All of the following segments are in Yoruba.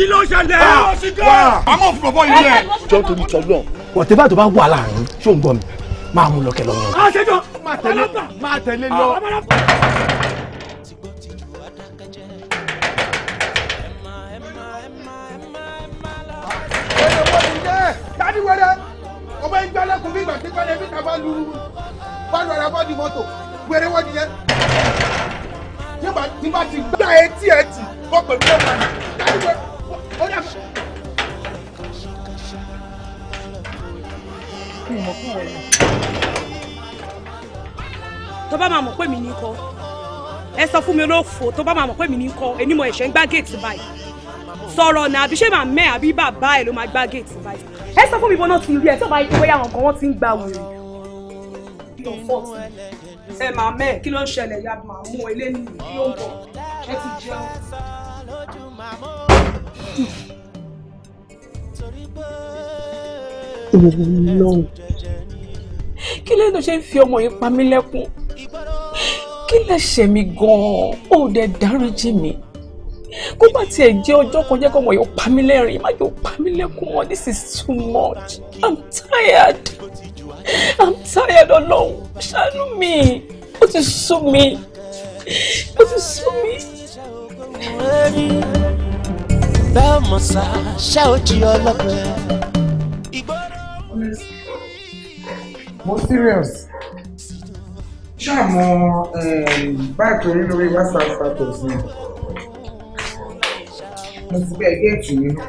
kí ló ṣẹlẹ̀. àmọ́ ah, òfin bọ̀bọ̀ yìí lẹ̀. jọ torí tọ́gbọ̀n wọ̀tẹ́bà tó bá wà láàrin ṣó ń gbọ́ mi máa mú lọ́kẹ́ lọ́wọ́. àṣejọ máa tẹ̀lé lọ. Ah, olófò tó bá máa mọ̀ pé mi ní kọ́ enímọ̀ ẹ̀ṣẹ̀ ń gbá géètì báyìí sọ̀rọ̀ náà àbí ṣé màá mẹ́ àbí bàbá ẹ̀ ló máa gbá géètì báyìí. ẹ sọ fún mi bọ́nà ti rí ẹ tí ọba yìí bóyá àwọn kan wọ́n ti ń gba wèrè. ẹ máa mẹ́ kí ló ń ṣẹlẹ̀ ya máa mú ilé ní ìlú ọ̀gbọ̀n ẹ ti jẹun. kí ló ń ṣe ń fi ọmọ yìí pa mí lẹ́kún kí lè ṣe mí gan-an ó dẹ̀ dáríjì mi kó bá tiẹ̀ jẹ́ ọjọ́ kan jẹ́ kó wọ̀nyí ó pa mí lẹ́rìn má yóò pa mí lẹ́kún mọ́ this is too much i'm tired i'm tired ọlọ́run ṣàánú mi ó ti sú mi ó ti sú mi. bẹ́ẹ̀ mọ̀ sá ṣá ò jí ọlọ́pẹ́. mo serious ṣàmọ ehm, báàgì orí lórí whatsapp status ni mo ti bẹ́ẹ̀ géètì nínú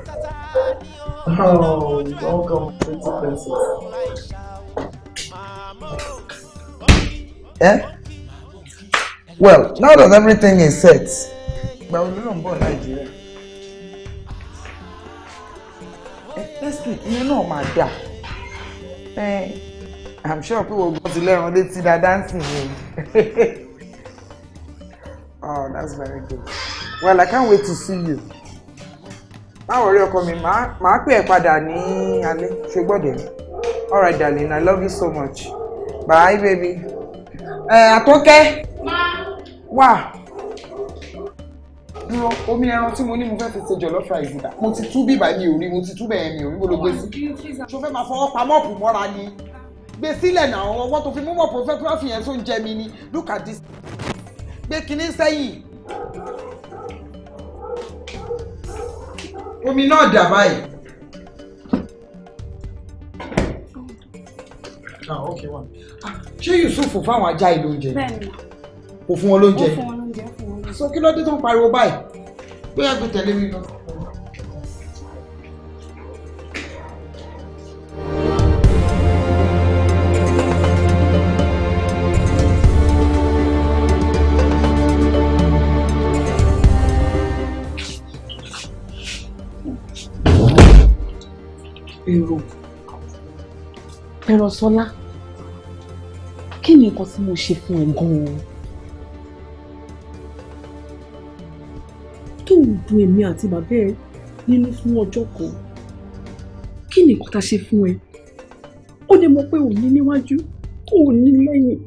welcome twenty pesos. Eh? Well, now that everything is set, ìgbà wo ló ń bọ̀ Nàìjíríà? Next eh, week, ìyẹn náà máa dà. Eh, i'm sure people will go to learn sí lẹ́rùn létí na dancing yẹn oh that's very good well i can't wait to see you báwo rí ọkọ mi màá pè ẹ́ padà ní alẹ́ ṣe gbọ́dọ̀ all right darling i love you so much bye baby ẹ àtọ́kẹ́ wà dúró omi ẹran tí mo ní mo fẹ́ fi ṣe jọ̀lọ́ fry ìgbìdà mo ti tú bíbá mi ò rí mo ti tú bẹ́ẹ̀ mi ò rí mo ló gbé sí ṣo fẹ́ máa fọwọ́ pamọ́ ọ̀pù mọ́ra ni gbé sílẹ̀ náà ọwọ́ tó fi mú mọ̀ photography yẹn tó ń jẹ mi ni look at this gbé kinní sẹ́yìn. omi náà dà báyìí. Ah, ah, ṣé Yusuf fáwọn ajá ìlú oúnjẹ kò fún wọn lóúnjẹ so kí ló dé tó ń pariwo báyìí bóyá gbé tẹ̀lé mi lọ. Èrò Èrò Sọlá kí ni nǹkan tí mo ṣe fún ẹ gan-an tó ń dun èmi àti bàbá ẹ nínú fún ọjọ́ kan kí ni nǹkan tá a ṣe fún ẹ ó lè mọ̀ pé ò ní níwájú ò ní lẹ́yìn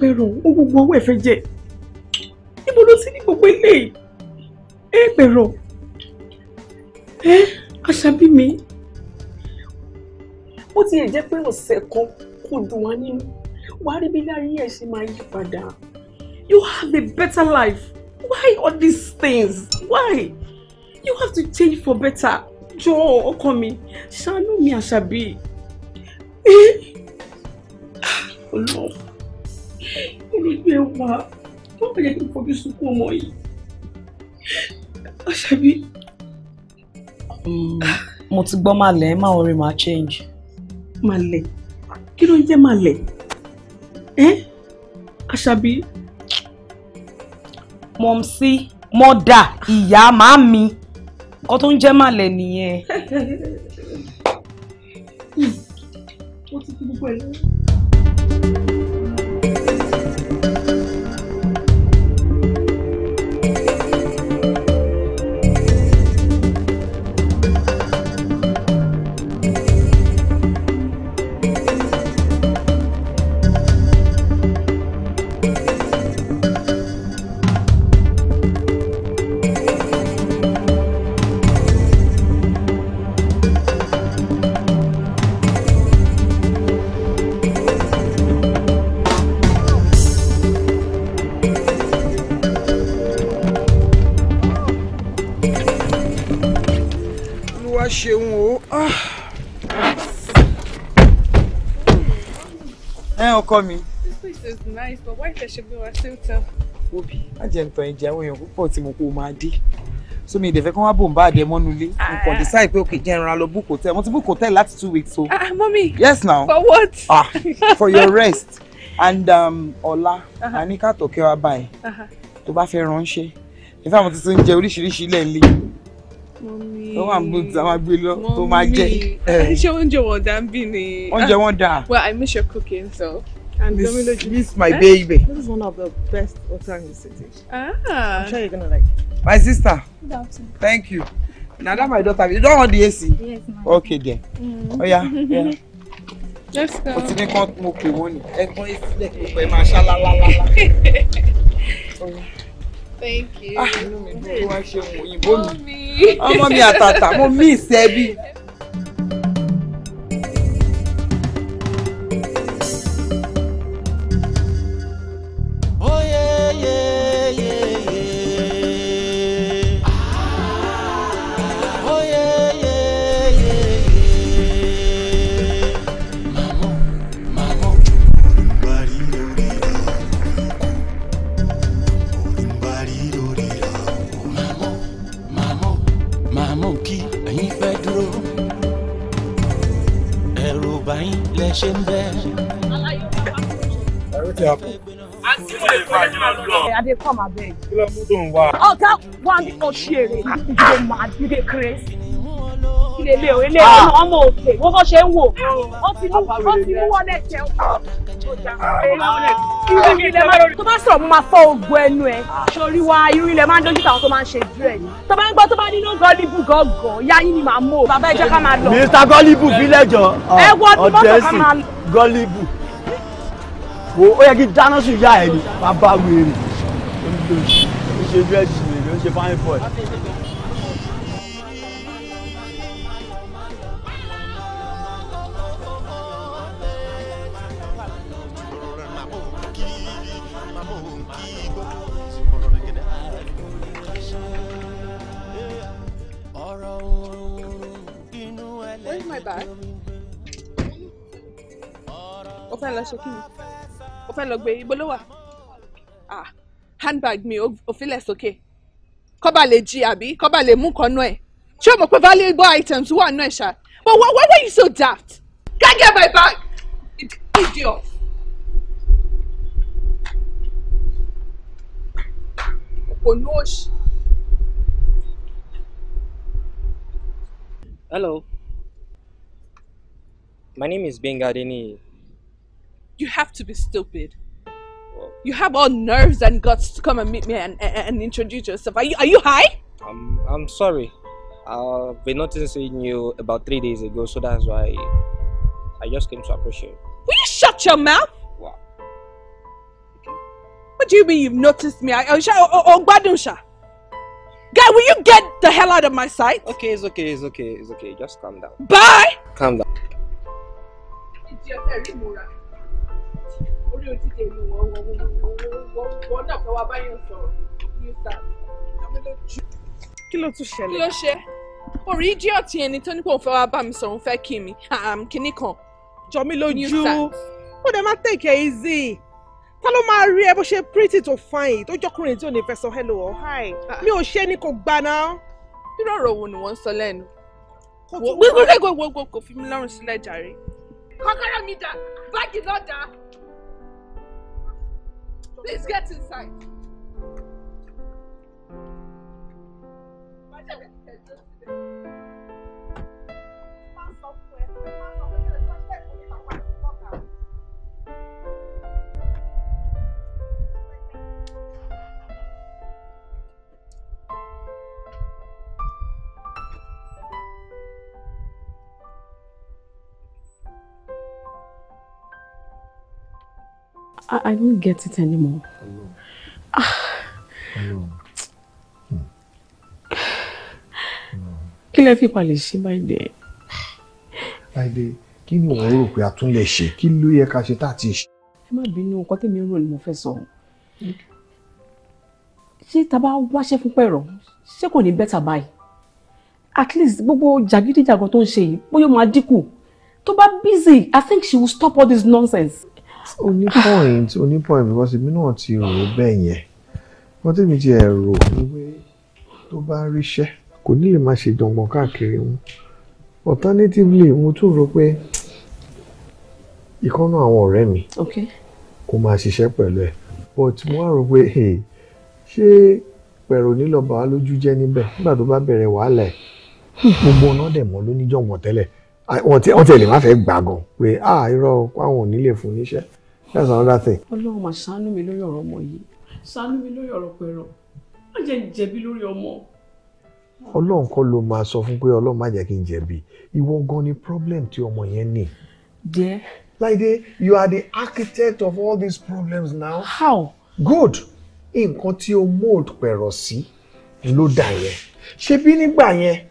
pẹ̀rọ ó gbogbo owó ẹ̀ fẹ́ jẹ níbo ló sì ní gbogbo eléyìí ẹ pẹ̀rọ ẹ àṣàbí mi bó ti lè jẹ́ pé ọ̀sẹ̀ kan kò dùn wá nínú wàá rí bí láyé ẹ̀ ṣe máa yí padà you have a better life why all these things why you have to change for better jọ̀ọ́ ọkọ mi ṣàánú mi àṣàbí ọlọ́run olùgbé wa wọ́n pẹ̀lú kí n fojú sunkún ọmọ yìí àṣàbí. Mm, mo ti gbọ́ máa lẹ̀ ẹ́ máa orin máa change màlẹ̀ kí ló ń jẹ́ màlẹ̀ ẹ́ àṣàbí. mọ̀mísí mọ́dà ìyá màámi nǹkan tó ń jẹ́ màlẹ̀ nìyẹn. ó ti kú gbogbo ẹ̀ lọ́wọ́. ọkọ mi. This place is nice but why fẹ́ ṣe bí wàá ṣe ń tẹ. Obi, má jẹ́ ntọ́ ẹ̀jẹ̀ àwọn èèyàn púpọ̀ tí mo kó máa dé. So mi ìdẹ̀fẹ́ kán wá bò ń bá àdẹ mọ́nu ilé. Ah. N kàn dé sáì pé òkè jẹ́ ìran lọ book hotel. Wọ́n ti book hotel láti two weeks o. Ah, mọ́mí. Yes now. For what? Ah, for your rest. And um, ọ̀la, uh-huh. a ní ká tọ̀kẹ́ wa báyìí. Uh-huh. Tó bá fẹ́ ránṣẹ́. Ìfẹ́ àwọn tuntun ń jẹ oríṣiríṣi ilẹ̀ ilé mọ́mí tó wà ń bó tí a máa gbé lọ tó máa jẹ. Eh. ṣé oúnjẹ wọn dà ń bì ni. oúnjẹ wọn dà. well i miss your cooking so and this, Domino This my eh? baby. This is one of the best hotels in the city. Ah. I'm sure you're gonna like it. My sister. Good afternoon. Thank you. Now that my daughter, you don't want the AC? Yes, ma'am. Okay, then. Mm. Oh, yeah. yeah. Let's go. What's the name mo pè wọ́n ni? la la la Thank you. Ah, inú mi dúró wá ṣe òyìnbó mi. Ọmọ mi àtàtà, mo ṣe ń bẹ́. Adé kọ́ máa bẹ̀. Kí ló mú dùn wá? Ọ̀gá wa ni mo ṣe èrè. Ìdè màá dìde kéré. Ilé ilé o, ilé ọmọ òkè, wọ́n kọ́ ṣe ń wò. Ó ti mú wọlé jẹun tó bá sọ̀rọ̀ mo máa fọ́ ogun ẹnu ẹ̀ sórí wa irú ilẹ̀ máa ń dójú tàwọn tó máa ń ṣe jù ẹ̀ tó bá ń gbọ́ tó bá nínú gọ́líbù gọ́gàn yáyín ni màá mú o bàbá ẹ ká máa lọ. Mr gọ́líbù fílẹ̀jọ ọ̀dẹ́sì gọ́líbù wo yẹ kí dáná sùn yá ẹ ni bàbá wèrè ó ṣe dúrẹ́sì rẹ̀ ó ṣe fáyín fọ́ ẹ̀. fẹ́ lọ ṣe kí ni mo fẹ́ lọ gbé ibo ló wà ah handbag mi ò filẹ̀ sókè kọ́ba lè jí àbí kọ́ba lè mú kan náà ẹ̀ ṣé o mọ̀ pé valuable items wà náà ẹ̀ ṣá but why, why were you so daft can't get my bag idiot. Hello. My name is Benga Adeniyi. You have to be stupid. You have all nerves and guts to come and meet me and, and, and introduce yourself. Are you, are you high? I'm, I'm sorry. I've been noticing you about three days ago, so that's why I just came to appreciate. Will you shut your mouth? What? What do you mean you've noticed me? I, I, I, Guy, will you get the hell out of my sight? Okay, it's okay, it's okay, it's okay. Just calm down. Bye! Calm down. orí ojú tèmi wọ́n wọ́n wọ́n wọ́n náà fẹ́ wá báyọ̀ sọ̀rọ̀ new south. kí ló tún ṣẹlẹ̀. kí ló ṣe orí idiot ẹni tó ní kó fẹ́ wá bá mi sọ̀rọ̀ fẹ́ kí mi kínní kan. jọ mí lójú ó dẹ̀ máa take it easy ta ló máa rí ẹ bó ṣe pretty to fine tó jọkùnrin tí ò ní fẹ́ sọ hello or hi mi ò ṣe ni kò gbà náà. irú ọ̀rọ̀ wo ni wọ́n ń sọ lẹ́nu wíwúrẹ́gbẹ̀wọ̀gbọ̀ kò fi mi lọ́rùn sílẹ̀ jàre. kọ́kọ́rọ́ mi dà báàgì náà dà Please get inside. I, I don't get it anymore. Hello. Ah. Hello. Hmm. Kí lẹ fi palẹ̀ ṣe Máìdé? Máìdé, kí ni wọ́n rò pé a tún lè ṣe? Kí ló yẹ ká ṣe tá a ti ṣe? Ẹ má bínú nǹkan tèmi rò ni mo fẹ́ sọ. Ṣé ta bá wáṣẹ́ fún pẹ̀rọ̀? Ṣé kò ní bẹ́tà báyìí? At least gbogbo jàgídíjàgan tó ń ṣe yìí bóyá ó máa dínkù. Tó bá busy, I think she will stop all this nonsense oní point oní point because èmi náà ti rò ó bẹ́ẹ̀ yẹn wọ́n tẹ̀mí ti ẹ̀ rò ó pé tó bá ríṣẹ́ kò ní lè máa ṣe jọ̀ngbọ̀n káàkiri wọn alternatively mo tún rò pé ìkọ́nà àwọn ọ̀rẹ́ mi kò máa ṣiṣẹ́ pẹ̀lú ẹ̀ but mo wá rò pé ṣé pẹ̀rọ nílò bàá lójú jẹ́ níbẹ̀ nígbà tó bá bẹ̀rẹ̀ wàhálà ẹ̀ gbogbo ọ̀nà dẹ̀ mọ́ lóníjọ̀ngbọ̀n tẹ́lẹ̀ wọ́n ti wọ́n ti ẹ̀lẹ́ má fẹ́ gbà gan pé ah irọ́ páwọn ò nílé fún níṣẹ́ that's another thing. ọlọ́run mà ṣàánú mi lórí ọ̀rọ̀ ọmọ yìí ṣàánú mi lórí ọ̀rọ̀ pẹ̀rọ má jẹ́ ń jẹ̀bi lórí ọmọ. ọlọ́run kọ́ ló máa sọ fún pé ọlọ́run má jẹ́ kí n jẹ̀bi ìwọ gan ni problem tí ọmọ yẹn ní. díẹ̀. Láìdé you are the architect of all these problems now. how. good nǹkan tí o mold pẹ̀rọ sí ló dà yẹn ṣebí nígbà yẹn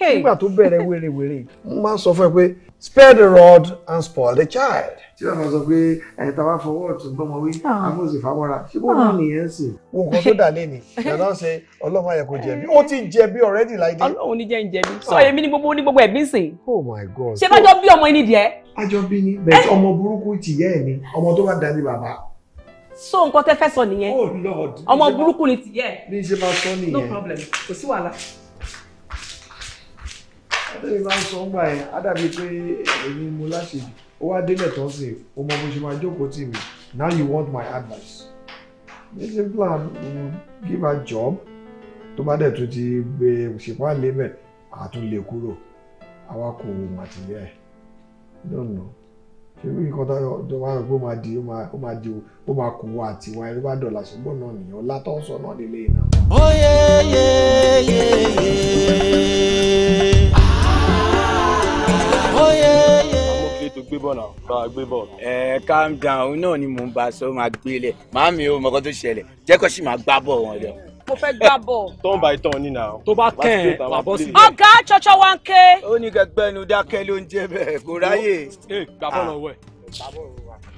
nígbà tó bẹ̀rẹ̀ wèrèwèrè mo máa ń sọ fún ẹ pé spare the rod and spoil the child. tí wọn sọ pé ẹ̀ta wá fọwọ́ ọ̀tún gbọ́mọ wí amóhùnsì ah. fáwọ́ra ṣé bó ní ah. nìyẹn sì. wo nǹkan tó dà lẹ́nu ìyàrá ṣe ọlọ́run ayẹ kò jẹ̀bi ó ti jẹ̀bi already láìdé. ọlọ́run ní jẹ́ ń jẹ̀bi sọ èmi ní gbogbo ní gbogbo ẹ̀bí ń oh my god. ṣé lọ́jọ́ bí ọmọ ẹni díẹ̀. ajọ bí ni bẹ́ẹ̀ ọmọ burúkú tìyẹ́ ẹ̀ ni ọmọ tó bá dání bàbá so nǹkan tẹ́ fẹ́ sọ nìyẹn oh ọmọ burúkú ni tìyẹ ní ṣe máa sọ nìyẹn no problem kò sí wàhálà ẹ máa ń sọ ń gbà yẹn á dàbí pé èmi mo láṣejù ó wá délẹ̀ tó ń sè ó mọ bó ṣe máa jókòó tì mí now you want my advice this is plan um, give her job tó bá dẹ̀ tún ti gbé ṣèpáàlé mẹ́ àtúnlé kúrò àwa kò màtìlẹ́ ẹ̀ lọ́nà ṣébí nǹkan tó máa rò pé ó máa di ó máa di ó máa kú àti wa ẹni bá dọ̀là ṣùgbọ́n náà nìyẹn ọlá tó ń sọ náà nílé iná. ó yé yé yé yé. tó gbé bọ̀ náà bá wa gbé bọ̀. ẹ calm down òun náà ni mò ń bá a sọ máa gbé lẹ màámi o mọ̀kọ́ tó ṣẹlẹ̀ jẹ́ sì máa gbá bọ̀ wọn lọ mo fẹ́ gbá bọ̀. turn by turn ni na. tó bá kẹ́ ẹ̀ wà bọ́ sí. ọ̀gá ṣọṣọ wa ń ké. ó ní kẹgbẹ́ inú dákẹ́ ló ń jẹ bẹ́ẹ̀ kó ráyè. ee gbàgbọ́ lọ wẹ̀.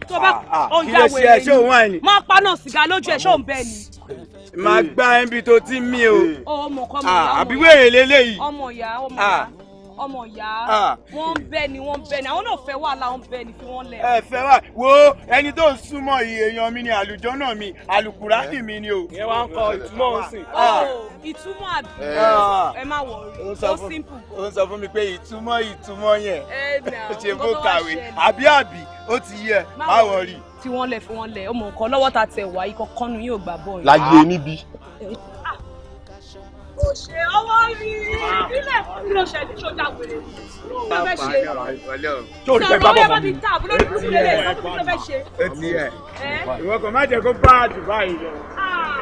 tó bá ọjà ah, ah, wèrè yìí máa paná sìgá lójú ẹ̀ ṣóun bẹ́ẹ̀ ni. máa gbá ẹbí ya oh, ọmọ ah, ọmọ ìyá ah. wọn ń bẹ ni wọn ń bẹ ni àwọn náà fẹ́ wàhálà wọn ń bẹ ni fi wọn lẹ. ẹ fẹ́ wà wo ẹni tó ń súnmọ́ iye èèyàn mi ni àlùjọ náà mi àlùkùránì mi ni o. ìyẹn wá ń kọ ìtumọ̀ òsìn. Oh, ah. ìtumọ̀ àbí eh. ẹ má wọrí ó simple. ó ń sọ fún mi pé ìtumọ̀ ìtumọ̀ yẹn eh, ó ṣe bó kàwé àbí àbí ó ti yẹ má wọrí. tí wọ́n lẹ̀ fi wọ́n lẹ̀ ọmọ nǹkan lọ́wọ́ ta tẹ̀ wá ikọ̀ kọ́nu yóò gbà bọ́ọ̀ yìí. láyé ah. níbi. Eh, kò ṣe ọwọ́ rí ìbílẹ̀ kí ló ṣẹlẹ̀ ṣó dá wèrè ni kí ló fẹ́ ṣe sọ̀rọ̀ ọ̀yẹ́ bá ti tà àbúrò ní kúrú lélẹ̀ ìsọ́kù kí ló fẹ́ ṣe. ẹ ti ẹ ìwọ kò má jẹ kó bá Dubai lọ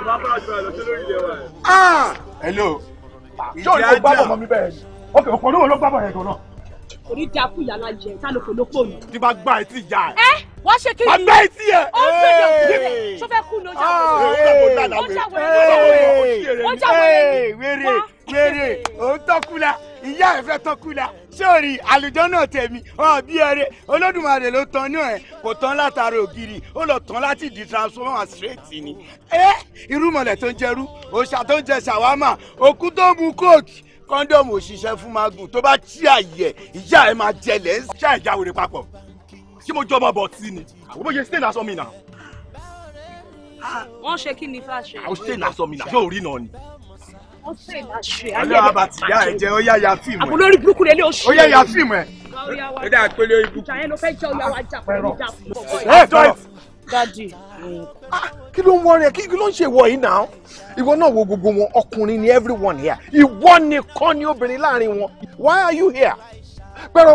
ìwà bá aṣọ àlọ́ tó lórí ilé wa. hello ṣé o ní o gbá bọ̀ mọ́ mi bẹ́ẹ̀ ni ok òpó olówó ló gbá yẹn gan náà orí di akú ìyá láyé ẹ tálòkò lóko ni. tí bá gbá etí ìyá ẹ. ẹ wọ́n ṣe kí ni. àgbá etí ẹ. ó ń gbèdọ̀ sílẹ̀ sọfẹ́ kú ni ó jà wọlé. Ah. ó jà wọlé ó jà wọlé. wéré wéré òun tọ́kù la ìyá ẹ fẹ́ tọ́kù la sórí àlùjọ náà tẹ̀mí ọ bí ẹrẹ olódùmarè ló tán náà ẹ kò tán látara ògiri ó lọ tán láti di transformer straight ni. ẹ irúmọlẹ̀ tó ń jẹrú òòṣà tó ń jẹ ṣàwámà òkú tó ń mu kóòkì kọ́ńdọ̀mù ò ṣiṣẹ́ fún magun tó bá tí àyẹ̀ ìyá ẹ̀ máa jẹlẹ̀ ń. ṣá ìjà wèrè papọ̀ ṣé mo jọba bọ̀ tí ni àwọn bóyá stain aṣọ mi nà. wọ́n ṣe kí ni fà àwọn stain aṣọ mi nà yóò rí náà ni. wọ́n stain aṣọ ẹ̀. ọlọ́wà bàtì ya ẹ̀ jẹ́ ó ya fíìmù ẹ̀. àbúlórí burúkú lè lé oṣù. ó ya fíìmù ẹ̀. ó wa jà kí ló ń wọrí ẹ kí ló ń ṣe ìwọ yìí náà ìwọ náà wo gbogbo wọn ọkùnrin ni everyone here ìwọ nìkan ni obìnrin láàrin wọn why are you here pero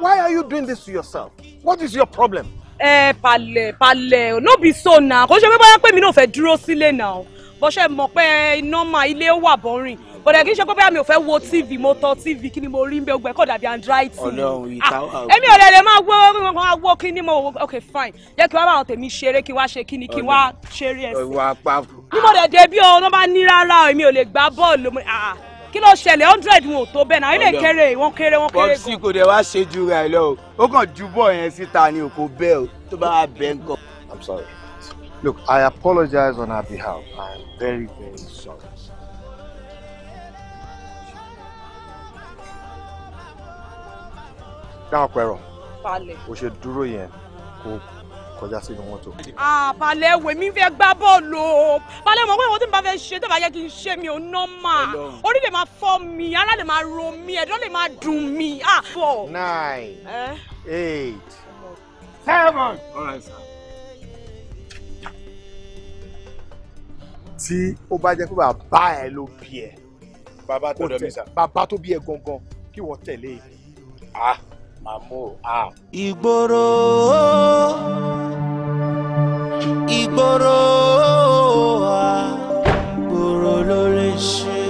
why are you doing this to yourself what is your problem. ẹ eh, palẹ palẹ no be so na kò ṣe pé báyà pé mi náà fẹ́ dúró sílé náà bọ́sẹ̀ mọ̀ pé nọ́mà ilé wà bọ́rìn bọ̀dẹ̀ kì í ṣe pé bóyá mi ò fẹ́ wo tv mo tọ tv kí ni mo rí mi ògbẹ́ kọ̀ dàbí android ah, tv èmi ò lè lè máa wó máa wó kí ni mo ok fine jẹ́ kí wọ́n bá àwọn tèmi ṣeré kí wọ́n ṣe kí ni kí wọ́n ṣeré ẹ̀sìn ní mo dẹ̀ dé bí o wọ́n bá ní rárá èmi ò lè gbá bọ́ọ̀lù ah, ah. kí ló ṣẹlẹ̀ hundred wọn ò tó bẹ́ẹ̀ náà ilé kéré wọ́n kéré wọ́n kéré gan. bọ́ọ̀sì kò dé wá ṣe ju rẹ̀ lọ o ó kàn ju bọ́ọ̀ yẹn síta ni ò kò bẹ́ẹ̀ o tó bá wà bẹ́ẹ̀ ń kọ. i'm sorry. Look, I apologize on her behalf. I am very, very sorry. Dáhùn pẹ̀rọ̀. Balẹ̀. O ṣe dúró yẹn kó kọjá sínú mọ́tò. Balẹ̀ èwe mi fẹ́ gbá bọ́ọ̀lù o. Balẹ̀ mọ̀ pé ìwọ tí mo bá fẹ́ ṣe tó bá yẹ kí n ṣe mi ò nọ́mà. Orí lè máa fọ́ mi, ara lè máa ro mi, ẹ̀dọ̀ lè máa dùn mi. Four. Nine. Eh? Eight. Seven. All right, sir. tí ó bá jẹ́ pé bàbá ẹ ló bí ẹ bàbá tó dọ̀ mí sà bàbá tó bí ẹ gangan kí wọ́n tẹ̀lé e. ah màmú ah. ìgboro ìgboro ìgboro lórí ṣe.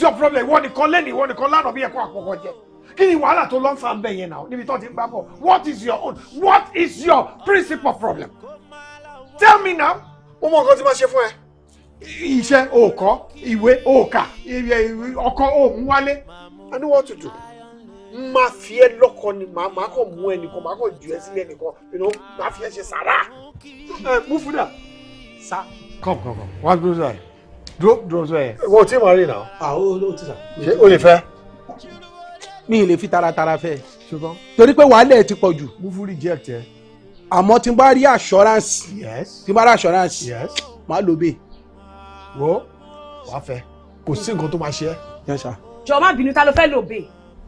is your problem ìwọ nìkan lẹ́nu ìwọ nìkan lánàá bí ẹ̀kọ́ àpọ̀kọ̀ jẹ kí ni wàhálà tó lọ́n sàn bẹ́ẹ̀ yẹn náà níbi tó ti ń bá what is your own what is your principal problem tell me now. mo mọ nǹkan tí máa ṣe fún ẹ. iṣẹ́ òòkọ́ ìwé òòkà ọkọ òòmù wálé. I know what to do máa fi ẹ lọkọ ni màá máa kàn mú ẹnìkan màá kàn jù ẹ sílẹ̀ nìkan you know máa fi ẹ ṣe sàrà. ẹ mú fúdà. sa come come come wá dúró sáà dúró dúró sọ yẹ. wọn ò tí ì máa rí náà. àwọn ò tí sà. ṣé o lè fẹ́. mi ì lè fi taratara fẹ́. ṣùgbọ́n. torí pé wàhálẹ̀ ti pọ̀ jù. mufu reject ẹ. àmọ́ tí n bá rí assurance. yes. tí n bá rí assurance. yes. màá lò bẹ́ẹ̀. wo wàá fẹ́ kò sí nǹkan tó máa ṣe ẹ́. yes sir. jọ má bínú ta ló fẹ́ lò bẹ́ẹ̀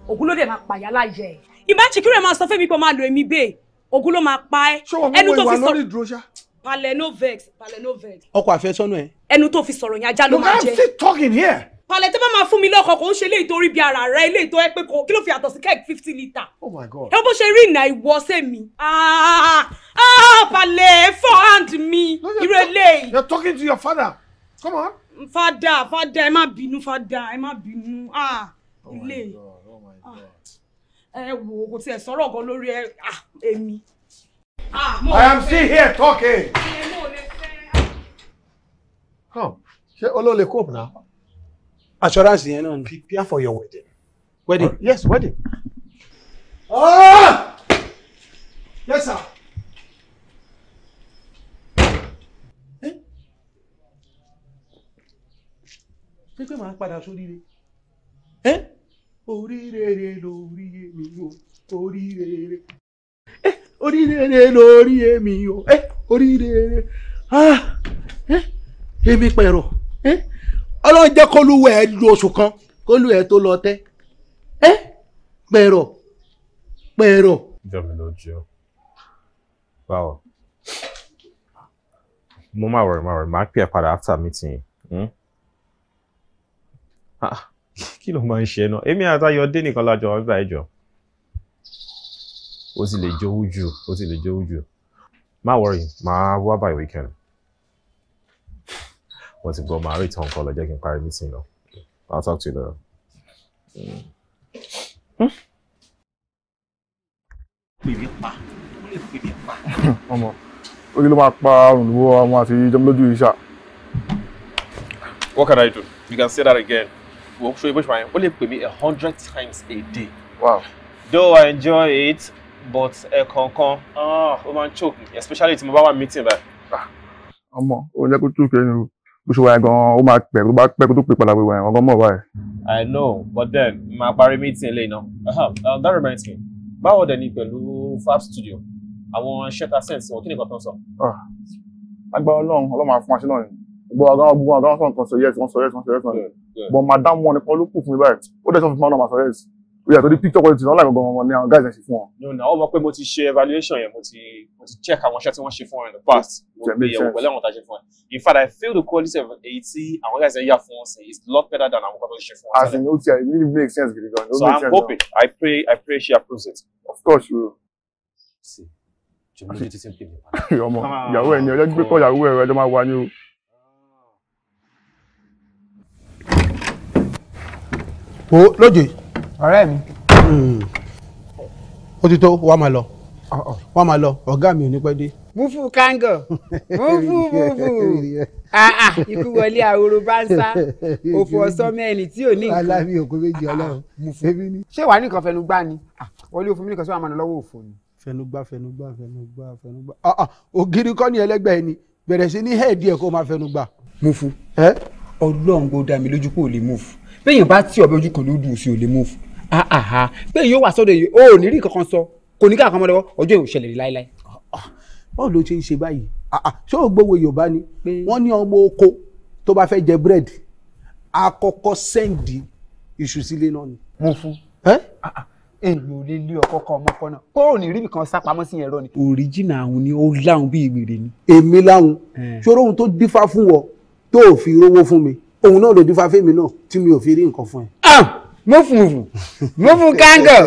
ògùn ló dẹ̀ máa pàyà láyẹ̀ ẹ̀. ìbá chikiri máa sọ fẹ́mi pé máa lo èmi bẹ́ẹ̀ ògùn ló máa pa ẹ́. ṣé wọn mú ìwà lórí ìdúró ṣá palẹ̀ no vex palẹ̀ no vex. ọkọ àfẹ́sọ́nà ẹ. ẹnu tó fi sọ̀rọ̀ yẹn ajá ló máa jẹ. you still talking here. palẹ̀ tẹ́ bá máa fún mi lọ́kọ̀ kò ń ṣe léyìí tó rí bí ara rẹ léyìí ẹ pé kí ló fi àtọ̀ sí keg fifty litre. oh my god. ẹ bó ṣe rí ìnà ìwọ ah ah palẹ̀ for hand mi irú eléyìí. you're talking to your father come on. fada fada ẹ má bínú fada ẹ má bínú ilé ah, oh oh ah. ẹ wo kò tiẹ̀ sọ̀rọ̀ gan lórí ẹ ah, èmi. Ah, I am still here talking. Come. Ṣé olóòlè cope náà? Assurance yẹn náà Prepare for your wedding. Wedding? Uh, yes, wedding. Ah! Yes, sir. Ṣé eh? pé màá padà sóríire? Eh? Oríire lóríire mi o, oríire oríire lórí èmi o ẹ eh, oríire ah, eh, èmi pẹ̀rọ eh, ọlọ́run jẹ́ kólúwẹ̀ ẹ lu oṣù kan kólúwẹ̀ tó lọ tẹ́ ẹ pẹ̀rọ pẹ̀rọ. jọ́mi ló jẹ́ báwo mo máa wọ̀rọ̀ máa wọ̀rọ̀ máa pè é padà after meeting yìí hmm? ah, kí ló máa ń ṣe náà èmi àtayọ̀dé nìkan lájọ wọn bá ẹ jọ ó sì lè jówú jù ó sì lè jówú jù má worry máa wá by weekend wọ́n ti gbọ́ máa rí ìtàn kan lọ jẹ́ kí n parí meeting lọ I'll talk to you later. ọmọ orí ló máa pa àrùn lọ́wọ́ àwọn àti jọmọlójú yìí ṣá. What can I do? You can say that again. Wọ́n ṣe bó ṣe máa ń ó lè pè mí a hundred times a day. Wow. Though I enjoy it but ẹ̀kọ̀ọ̀kan eh, ah, ó máa ń choke especially tí mo bá wà meeting báyìí. Ah. ọmọ ò lẹ́kọ̀ọ́ tó kẹ́ ni o bó ṣe wáyé gan-an ó máa pẹ́ tó bá pẹ́ kó tó pè padà wíwáyé ọ̀gán mọ̀ báyìí. I know but then máa parí meeting lẹ́yìn náà ah, that reminds me báwo dẹ̀ ni pẹ̀lú fab studio àwọn shutter sense wọn kí ni nǹkan tó ń sọ. agbára Ọlọ́run Ọlọ́run máa fún aṣẹ náà ni gbogbo àgbà gbogbo àgbà wọn sọ nǹkan sọ yes wọn sọ yes wọn sọ yes wọn but madam wọn nìkan ló kù fún mi báyìí ó dẹ̀ sọ fún mi náà máa sọ yes ó yàtọ̀ ní picture quality náà láìpẹ́ gan-an ni àwọn guys ẹ̀ ṣe fún wọn. no àwọn ọmọ pé mo ti ṣe evaluation yẹn mo ti mo ti check àwọn iṣẹ́ tí wọ́n ṣe fún wọn in the past mo gbé yẹ̀wò pẹ̀lú àwọn tá ṣe in fact I feel the quality of èyí tí àwọn guys ẹ̀ yà fún wọn sìn is a lot better than àwọn kan tó ṣe fún wọn. as in o it really make sense gidi gan. so am hoping I pray I pray she approves it. of course you will. see jùmọ̀lẹ́ ti ọmọ ìyàwó ẹ̀ ni ọjọ́ gbé kọ́ ìyàwó ẹ̀ ọjọ́ máa wà ní o. Oh, lóye ọ̀rẹ́ mi. ó hmm. ti tó wàá máa lọ oh, oh. wàá máa lọ ọ̀gá mi ò ní pẹ́ dé. mufu kango mufu mufu ah, ah, ikú wọlé ahoro bánsá òfò ọ̀sán mẹ́rin tí ò ní nǹkan. alábí òkú méjì ah, ọlọ́run mufu. ṣé wàá nìkan fẹnu gbá ni wọlé òfin mi nìkan sọ àmàlà lọ́wọ́ òfò ni. fẹnugbá fẹnugbá fẹnugbá fẹnugbá ògiri kọ́ ni ẹlẹ́gbẹ̀ẹ́ ni bẹ̀rẹ̀ sí ní hẹ́ẹ̀dì ẹ̀ kó máa fẹnugbá. mufu ọlọ́run gbọ́dọ̀ mi lójú kó o lè mufu bẹ́ẹ̀ yẹn bá tí ọbẹ̀ ojú kan ló dùn sí o lè mufu Ah, ah, ah. pé yóò wà sọ́dọ̀ yìí o ò ní rí kankan sọ kò ní káàkan mọ́ lọ́wọ́ ọjọ́ yóò ṣẹlẹ̀ rí láéláé. báwo ló ṣe ń ṣe báyìí ṣé o gbowó yorùbá ni wọ́n ní ọmọ oko tó bá fẹ́ jẹ bread, àkọ́kọ́ sẹ́ǹdì iṣu sílé náà ni. mo fún èèyàn ò lè lé ọkọ kan ọmọ kan náà kó o ní rí ibìkan sá pamọ́ sí yẹn rọ ni. òríjìnà àwọn ni ó láwọn bí ìwèrè ni. èmi láwọn ṣòro ohun tó dífá fún wọ tó o fi rówó fún mi òun náà ló dífá fún mi náà tí mi ò fi rí nǹkan fún ẹ mọ́fùmọ́fù mọ́fù kángọ̀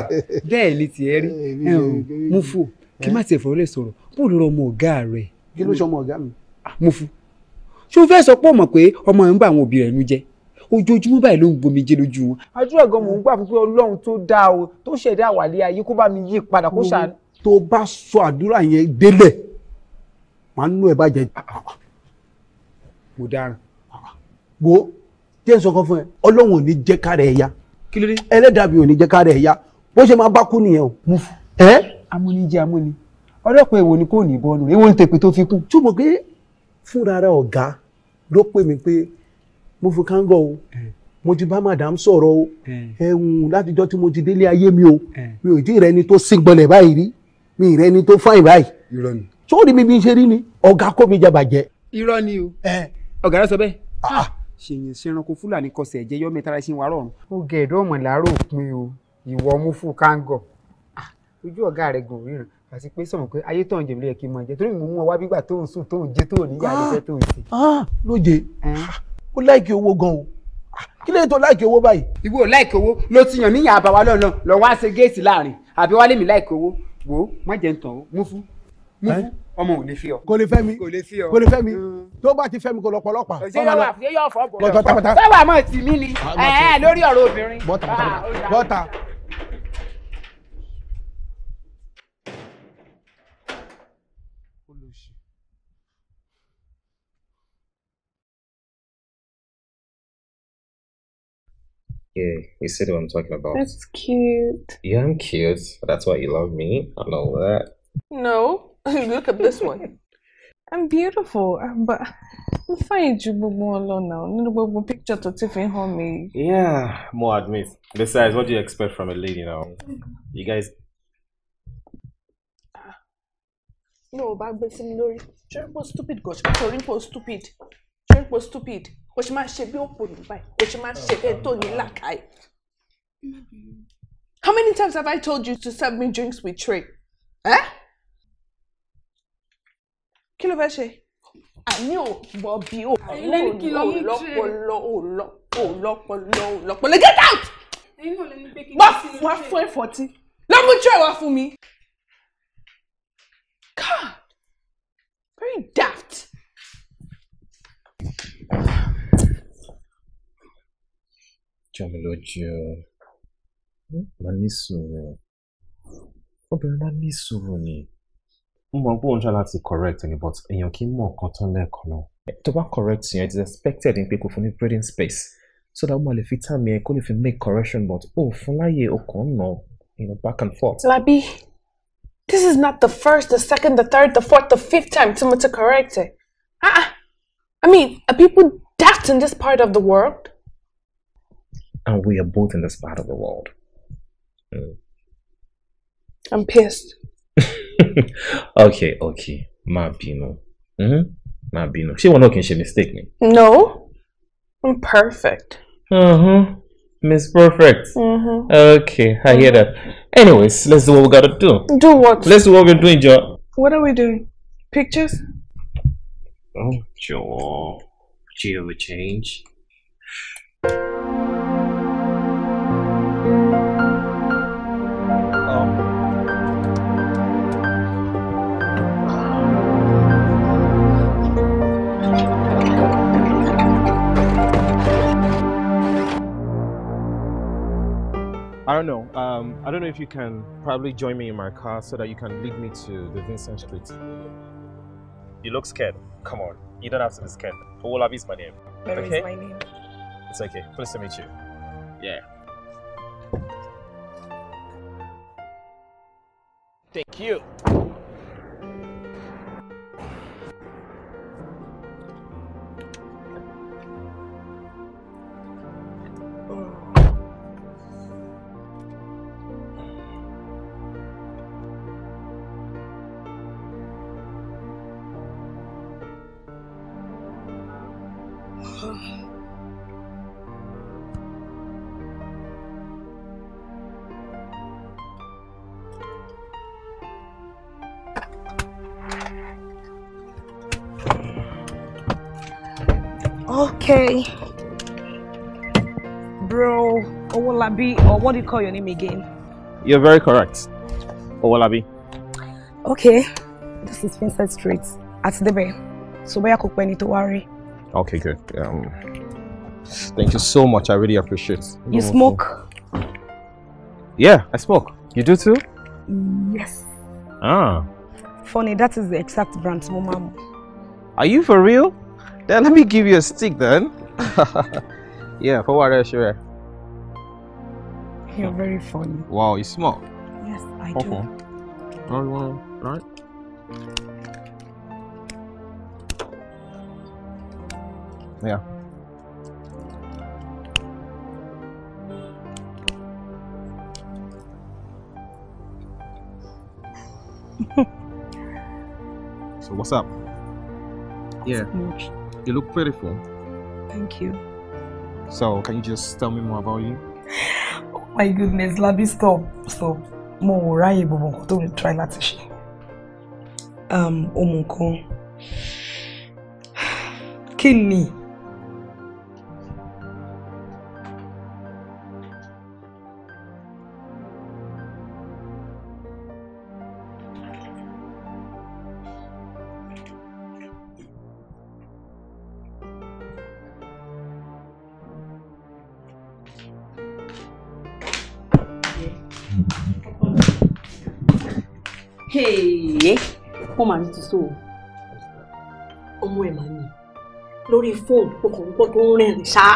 bẹ́ẹ̀ lè tiẹ̀ rí eh, mọ́fù kí má tiẹ̀ fọ̀rọ̀ lè sọ̀rọ̀ bóòlù rọ ọmọ ọ̀gá rẹ̀. kí ló ṣe ọmọ ọ̀gá mi. Ah, mọ́fù ṣé o fẹ́ sọ pé ọmọ pé ọmọ ẹ̀ ń bá àwọn òbí rẹ̀ nu jẹ́ ojoojúmọ́ báyìí ló ń gbomi jẹ lójú wọn. àdúrà gan mò ń gbà fún pé ọlọ́run tó dáa o tó ṣẹ̀dá àwàlẹ́ ayé kó bá mi yí padà kó ṣàn. tó bá sọ àdúrà yẹn délẹ̀ màá nú ẹ̀ bàjẹ́. mo dára. wo jẹ́ sọ fún ẹ ọlọ́run ò ní jẹ́ kára ẹ̀ ya kí ló dé. ẹlẹ́dàá mi ò ní jẹ́ ká rẹ̀ bó ṣe máa bá kú nìyẹn o. ẹ. amúnijẹ amúni ọlọ́pàá èwo ni kò ní bọ́ọ̀nù èwo ni tèpè tó fi kú. túmọ̀ pé fúnra rẹ ọ̀gá ló pè mí pé mo fi kángọ̀ o mo ti bá madam sọ̀rọ̀ o ẹ̀hún látijọ́ tí mo ti délé ayé mi o mi ò tí ì rẹni tó síngbọnlẹ̀ báyìí rí mi ì rẹni tó fáìn báyìí. irọ́ ni. sórí mi bí n ṣe rí ni ọ̀gá kó mi jẹ bàjẹ́. irọ́ ni o ọ̀gá rẹ sọ bẹ́ẹ̀. Ah, ah ṣèyìn ṣẹranko fúlàní kọsẹ̀ ẹ̀jẹ̀ yọmí tara ṣe ń wà rọrùn. ó gẹ ẹ̀dọ́ ọmọ làárọ̀ òpin o ìwọ ọmú fún kángọ̀ ah, ojú ọ̀gá rẹ̀ gùn ríran àti pé sọ̀rọ̀ pé ayé tó ń jẹ̀mí lẹ́yìn kí n máa jẹ torí mo mú ọ wá bígbà tó ń sùn tó ń jẹ tó ń níyà tó ń ṣe. Ah, ah, lóye ó láìkí owó gan o kí lè tó láìkí owó báyìí. ìwọ ò láìkí owó ló ti yàn níyàn àbáwá lọ́nà lọ wá ṣe géètì láàrin àbí wálé mi láìkí owó wò ó má jẹ́ ń tàn ó mú fún mú fún ọmọ ò lè fi ọ. kò lè fẹ́ mi kò lè fi ọ. kò lè fẹ́ mi. Mm tó bá ti fẹ́ kò lọ ṣé yọ wà ṣé yọ fọ́ bọ̀. bọ́tà sẹ́wà mọ̀ tì mí ni lórí ọ̀rọ̀ obìnrin. bọ́tà bọ́tà. Ah, yeah, you see what I'm talking about. That's cute. Yeah, I'm cute. That's why you love me and all that. No, look at this one. I'm beautiful, uh, but mo fine ju gbogbo wọn lọ now nínú gbogbo picture to ti fi hàn Yeah, more admit. Besides, what do you expect from a lady now? You guys. No, o bá gbé sí mi stupid gọ̀ṣ torí n stupid, ṣé n stupid, Which man should be open òpò ní báyìí, o ṣe máa ṣe How many times have I told you to serve me drinks with tray? Eh? kí ló fẹ́ ṣe àní ò gbọ́ bí ò lọ́pọ̀lọ́ ò lọ́pọ̀lọ́ ò lọ́pọ̀lọ́ get out wá fún ẹ̀fọ́tí lọ́mú tíwẹ̀ wá fún mi. God very daft. jọmi lójú ọ hmm? máa ní sùúrù obìnrin máa ní sùúrù ni. mo mọ̀ correct ni but in your í mọ̀ nǹkan tán tó be correct it is expected in people from the breeding space so that wọ́n lè fi time yẹn kó lè fi make correction but oh, fún láyè ọkàn you know back and forth. Labi this is not the first the second the third the fourth the fifth time to mo ti correct ẹ. ah ah I mean are people daft in this part of the world. And we are both in this part of the world. Mm. I'm pissed. okay, okay. ma bino, bínú. Mm-hmm. Má bino. She won't kì í mistake me? No. I'm perfect. Uh-huh. Miss Perfect. Mm-hmm. Okay, I hear that. Anyways, let's do what we gotta do. Do what? Let's do what we're doing, Joe. What are we doing? Pictures? Oh, Joe. Geo change. I don't know. Um, I don't know if you can probably join me in my car so that you can lead me to the Vincent Street. You look scared. Come on. You don't have to be scared. Olavi is my name. That okay? my name. It's okay. Pleased to meet you. Yeah. Thank you. Owolabi, or what do you call your name again? You're very correct. Owolabi. Okay, this is Vincent Street at the bay. So, where could we need to worry? Okay, good. Um, thank you so much. I really appreciate it. You smoke? Yeah, I smoke. You do too? Yes. Ah. Funny, that is the exact brand, Mom. Are you for real? Then let me give you a stick then. yeah, for what sure. You're very funny. Wow, you smoke? Yes, I do. Okay. Right, right, right. Yeah. so what's up? Yeah. Much. You look beautiful. Thank you. So can you just tell me more about you? my goodness labi stop stop mo ò ráyè gbogbo nǹkan tó ń try láti ṣe. Um, ohun kan kí ni. so ọmọ ẹ̀ máa ní lórí fóònù ọkàn púpọ̀ tó ń rẹ́rìn ṣáá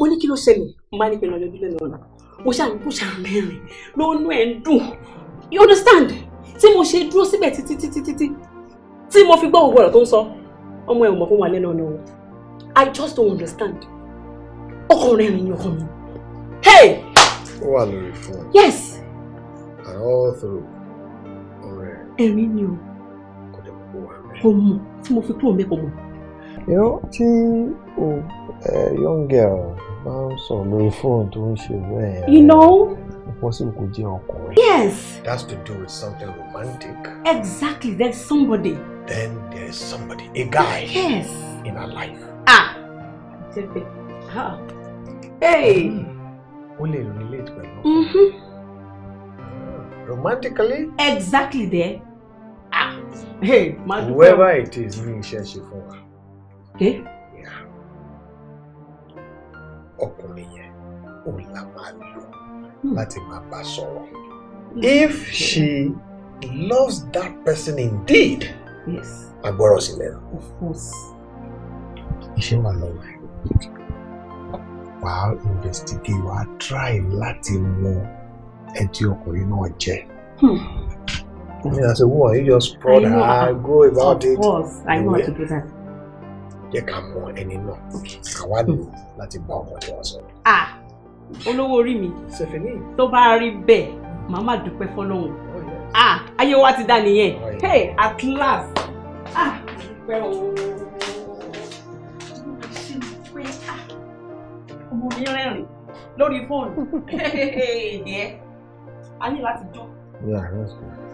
ó ní kí ló ṣẹlẹ̀ mo bá ní pé lọ́jọ́ bílẹ̀ lọ́la mo ṣàmì kó ṣàmẹ́rin lónú ẹ̀ ń dùn you understand tí mo ṣe dúró síbẹ̀ títí títí títí tí mo fi gbọ́ gbogbo ọ̀rọ̀ tó ń sọ ọmọ ẹ̀ ò mọ̀ kó wà lẹ́nu ọ̀nà o I just don't understand ọkọ rẹ̀ rìn yàn mi. ó wà lórí fóònù. yes. àrọ́ through ọ̀rẹ́. ẹ̀rín ni o kò mọ̀ tí mo fi kúrò mi kò mọ̀. you know tí o young girl máa ń sọ lórí fóònù tó ń ṣe bẹ́ẹ̀. you know. possible kò jẹ́ ọkùnrin. yes. that's to do with something romantic. exactly there's somebody. then there's somebody a guy. yes. in her life. ah jẹ́pẹ̀ ah hey. ó lè relate pẹ̀lú. Mm-hmm. romantically. exactly there hey má dúpẹ́. whoever it is me iṣẹ́ ṣe fún wa. ọkùnrin yẹn ò la máa lò hmm. láti hmm. if hmm. she loves that person indeed. yes. agbọ́rọ̀ sílẹ̀. of course. She will lọ́wọ́ ẹ̀ wàá investigate wàá try láti mọ ẹni tí ọkùnrin náà Hmm. I said, a woman, you just proud and I go about of it. Of course, I know how to do you that. Jẹ́ ká mọ ẹni náà. Àwa lò hmm. láti bá ọmọ tí wọ́n sọ̀rọ̀. Ah! Olówó orí mi. Ṣèfìní. Tó bá rí bẹ́ẹ̀, màá má Oh fọlọ́hún. Ah! Ayé wa ti dá nìyẹn. Oh, hey! At last! Ah! Dúpẹ́ o. Ọmọ mi rẹ́rìn lórí fóònù. Ẹ a ní láti jọ. Yeah, that's good.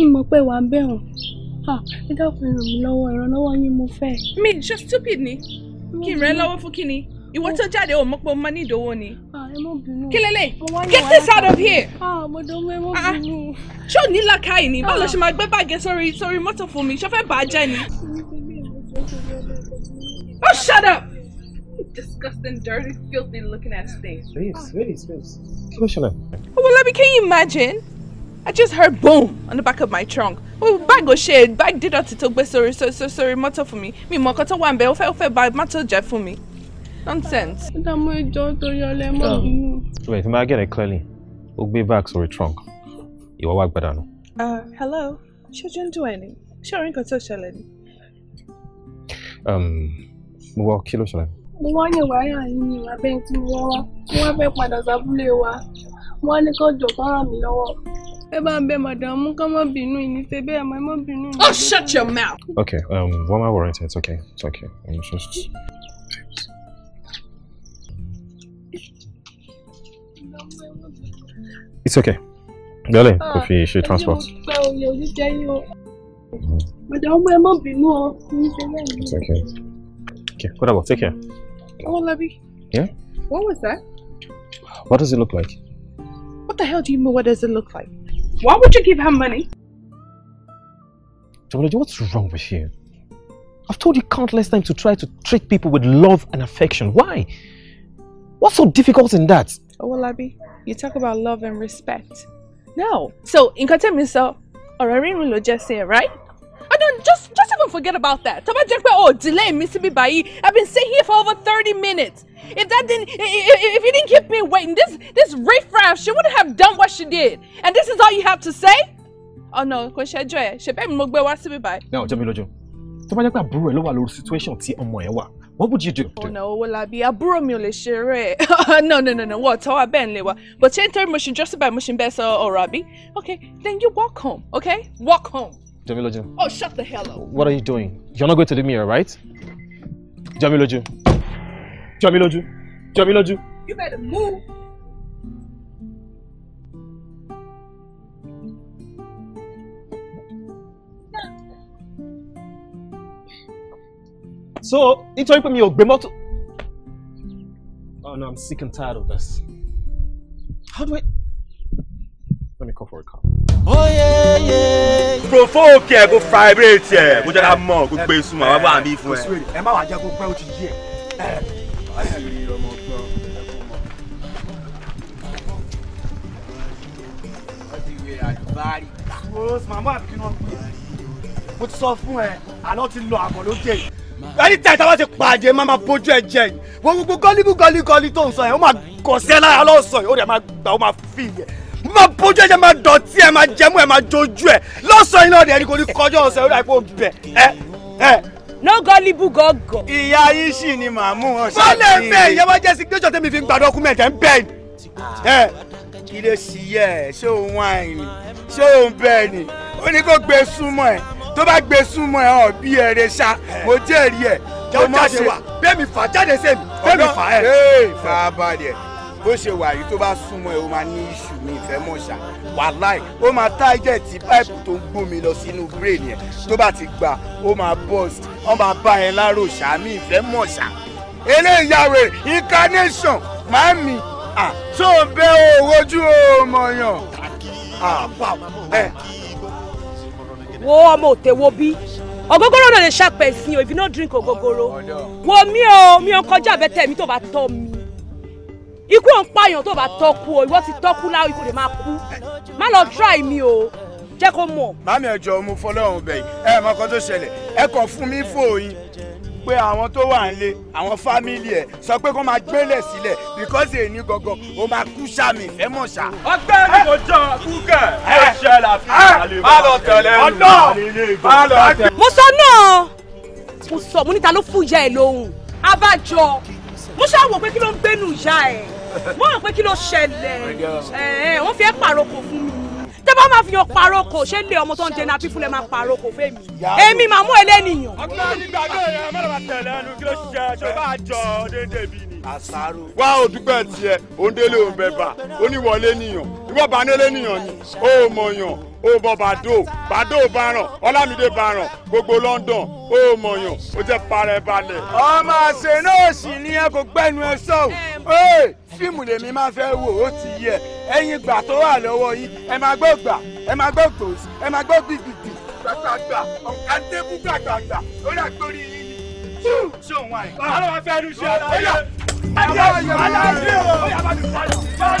ìmọ̀ pé wà ń bẹ̀rùn ẹ dákun ràn mí lọ́wọ́ ìrànlọ́wọ́ yín mo fẹ́. mi ṣe stupid ni kí n rẹ lọ́wọ́ fún kí ni ìwọ tó jáde ò mọ̀ pé o máa ní ìdòwò ni. kí lélẹ̀ get this out of here. Ah, ah. ṣé ò ní làkàì ni báwo ló ṣe máa gbé báàgì sórí sórí mọ́tò fún mi ṣé fẹ́ bàá jẹ́ ni. oh shut up. disgusting, dirty, filthy looking ass thing. Please, please, please. Commissioner. Oh, well, let me, can you imagine? I just heard boom on the back of my trunk. Well, bag ò ṣe bag did tó to sórí Sorry, mọ́tò fún sorry. Mi for me. Me more ń bẹ̀ ó fẹ́ ó fẹ́ bà mọ́tò jẹ́ fún mi. Nonsense. Ìdààmú um, Wait, may I get it clearly? Ó gbé bag sórí trunk. You wá gbàdánù. Uh, hello, ṣé ojú ń dùn ẹ ni? Ṣé orin social. tó ṣẹlẹ̀ ni? kilo. Um, wọ kí ló ṣẹlẹ̀? Mo wá You wáyà yìí abẹ́ tí mo wá wá. Mo wá fẹ́ padà sábúlé wa. Mo wá ní kó oh shut your mouth. okay um, wọ́n máa wọ̀rọ̀ ẹ̀tẹ̀ it's okay it's okay i'm just. it's okay darling coffee ah, fi ṣe transport. màdàmú mm-hmm. it's okay okay good bọ̀ take care. ọwọ́lábí. yeah. what was that. what does it look like. What the hell do you mean? What does it look like? Why would you give her money? Tawalaji, what's wrong with you? I've told you countless times to try to treat people with love and affection. Why? What's so difficult in that? Oh, well, Abby, you talk about love and respect. No. So, in Katemisa, Orarin Rulo just say, right? I don't just just even forget about that. Tọ́ba jẹ́ oh delay mi sibi báyìí. I've been sitting here for over thirty minutes. If that didn't if, if you didn't keep me waiting, this this riffraff she wouldn't have done what she did. And this is all you have to say? Oh no, because ẹ̀ ṣẹ̀bẹ́ mi mo gbé wá síbi No, Ẹ ò jẹ́ mi lójú. Tó bá jẹ́ situation tí on my wà, what would you do? Oh no, làbí àbúrò be a lè ṣeré No no no no What? How I ń Lewa? But she nítorí mo just about jọ́sí báyìí mo sọ Okay then you walk home okay? Walk home. Jamiloju. Oh, shut the hell up. What are you doing? You're not going to the mirror, right? Jamiloju. Jamiloju. Jamiloju. You better move. So, nítorí pé mi ò gbé Oh no, I'm sick and tired of this. How do I... Let me call for a car. Oh, provoke ẹ kó vibrate ẹ kó jẹ́ ká mọ̀ kó gbé e súnmọ́ àwọn àwọn àbí fún ẹ. ẹ má wàá jẹ́ kó pẹ́ ó ti yí ẹ. mo ti sọ fún ẹ àná ti lọ àbọ̀ ló dé ẹni tẹ̀ tí a bá ti pàdé máa ma bójú ẹ jẹ yìí gbogbo gọ́líbù gọ́lí gọ́lí tó ń sọ yẹn ó máa gọ̀ọ́sẹ́ lára lọ́sọ̀ yìí ó dẹ̀ máa gbà ó máa fi yẹn máa bójú ẹ̀jẹ̀ máa dọ̀tí ẹ̀ máa jẹ́mú ẹ̀ máa jojú ẹ̀ lọ́sàn-án iná ọ̀dẹ̀ kò ní kọjá ọ̀sẹ̀ orí àìpọ̀ bẹ̀ ẹ̀ ẹ̀. no gullible gọ́gọ́. ìyá yìí sì ni màmú ọ̀sẹ̀ yìí. bọ́lẹ̀ bẹ́ẹ̀ ìyá máa jẹ́ signature tẹ́mi fi ń gba document ẹ̀ ń bẹ́ẹ̀ ni. kí ló sì yẹ ẹ ṣé òun àìní ṣé òun bẹ́ẹ̀ ni ó ní kó gbé súnmọ́ ẹ tó bá gbé súnmọ́ ẹ hàn bí ẹrẹ ṣá mo jẹ́rìí ẹ̀ kó má ṣe bẹ́ẹ̀ mi fà jáde sẹ́mi bẹ́ẹ̀ mi fà ẹ̀. ee fà á balẹ̀ bó ṣe wà yìí tó bá súnmọ́ ẹ o máa ní iṣu mi ìfẹ́ mọ̀ ṣá wàláì ó máa tájẹ̀tì páìpù tó ń gbó mi lọ sínú brain yẹn tó bá ti gbà ó máa burst ó máa bá ẹ lárò ṣá mi ìfẹ́ mọ̀ ṣá eléyàwó incarnation máa mi tó ń bẹ òwojú ọmọọyàn wo ọmọ òtẹ̀wọ́ bí ògógóró náà lè ṣàpẹ̀ o if you no drink ògógóró wo mi o mi ò kọjá àbẹ́tẹ̀ mi tó bá tọ́ mi ikú ò ń pààyàn tó bá tọ́kú o ìwọ ti tọ́kú láwọn ikú lè máa kú má lọ try mi o jẹ́ kó mọ̀. màmí ẹ̀jọ̀ mo fọlọ́run bẹ̀yìn ẹ mọ kan tó ṣẹlẹ̀ ẹ kàn fún mi fòyìn pé àwọn tó wà nílé àwọn fámìlì ẹ sọ pé kó máa gbélé sílẹ̀ because èyí gangan ó máa kú sàmì fẹ́ mọ̀ ṣá. ọgbẹ́ni kò jọ kúkẹ́ ẹ ṣe làfihàn má lọ tẹ̀lé ọ̀nà má lọ tẹ̀lé. mo sọ náà mo sọ mo níta ló fún ìyá ẹ lóhùn abájọ mo ṣáà wò pé kí ló ń gbénu ìyá ẹ̀ mo rò pé kí ló ṣẹlẹ̀ wọ́n fi ẹ́ pàrokò fún mi tẹ́ bá máa fi hàn pàrokò ṣé lè ọmọ tó ń jẹ nàbí fúnlẹ̀ máa pàrokò fún mi èmi màá mú elénìyàn. ọkùnrin nígbà náà ẹ má lọ́ba tẹ̀lé ẹnu kí ló ṣiṣẹ́ ṣe bá jọ déédéé bí ni. àṣàrò. wá òdúgbò tiẹ̀ òǹdélé òǹbẹ̀bà oníwọlé nìyàn ìwọ́ba ní elénìyàn ni ó mọ̀yàn ó mọ bàdó bàdó baràn ọlámídé baràn gbogbo London ó mọyàn ó jẹ parẹ balẹ̀. ọmọ àṣẹ náà sì ni ẹ kò gbẹnu ẹ sọ̀rọ̀ ee fíìmù lèmi máa fẹ́ wò ó ti yẹ ẹ̀yin gbà tó wà lọ́wọ́ yín ẹ máa gbọ́ gbà ẹ máa gbọ́ gbòòsì ẹ máa gbọ́ gbìgbìgbì gbàgbàgbà ọ̀ká débú gbàgbàgbà lórí àgbórí yín ni ṣé òun àyè. ọ̀hánà wàá fẹ́ ẹnu ṣe ara rẹ̀. ayé ayé ayé ó yà bá mi sáré.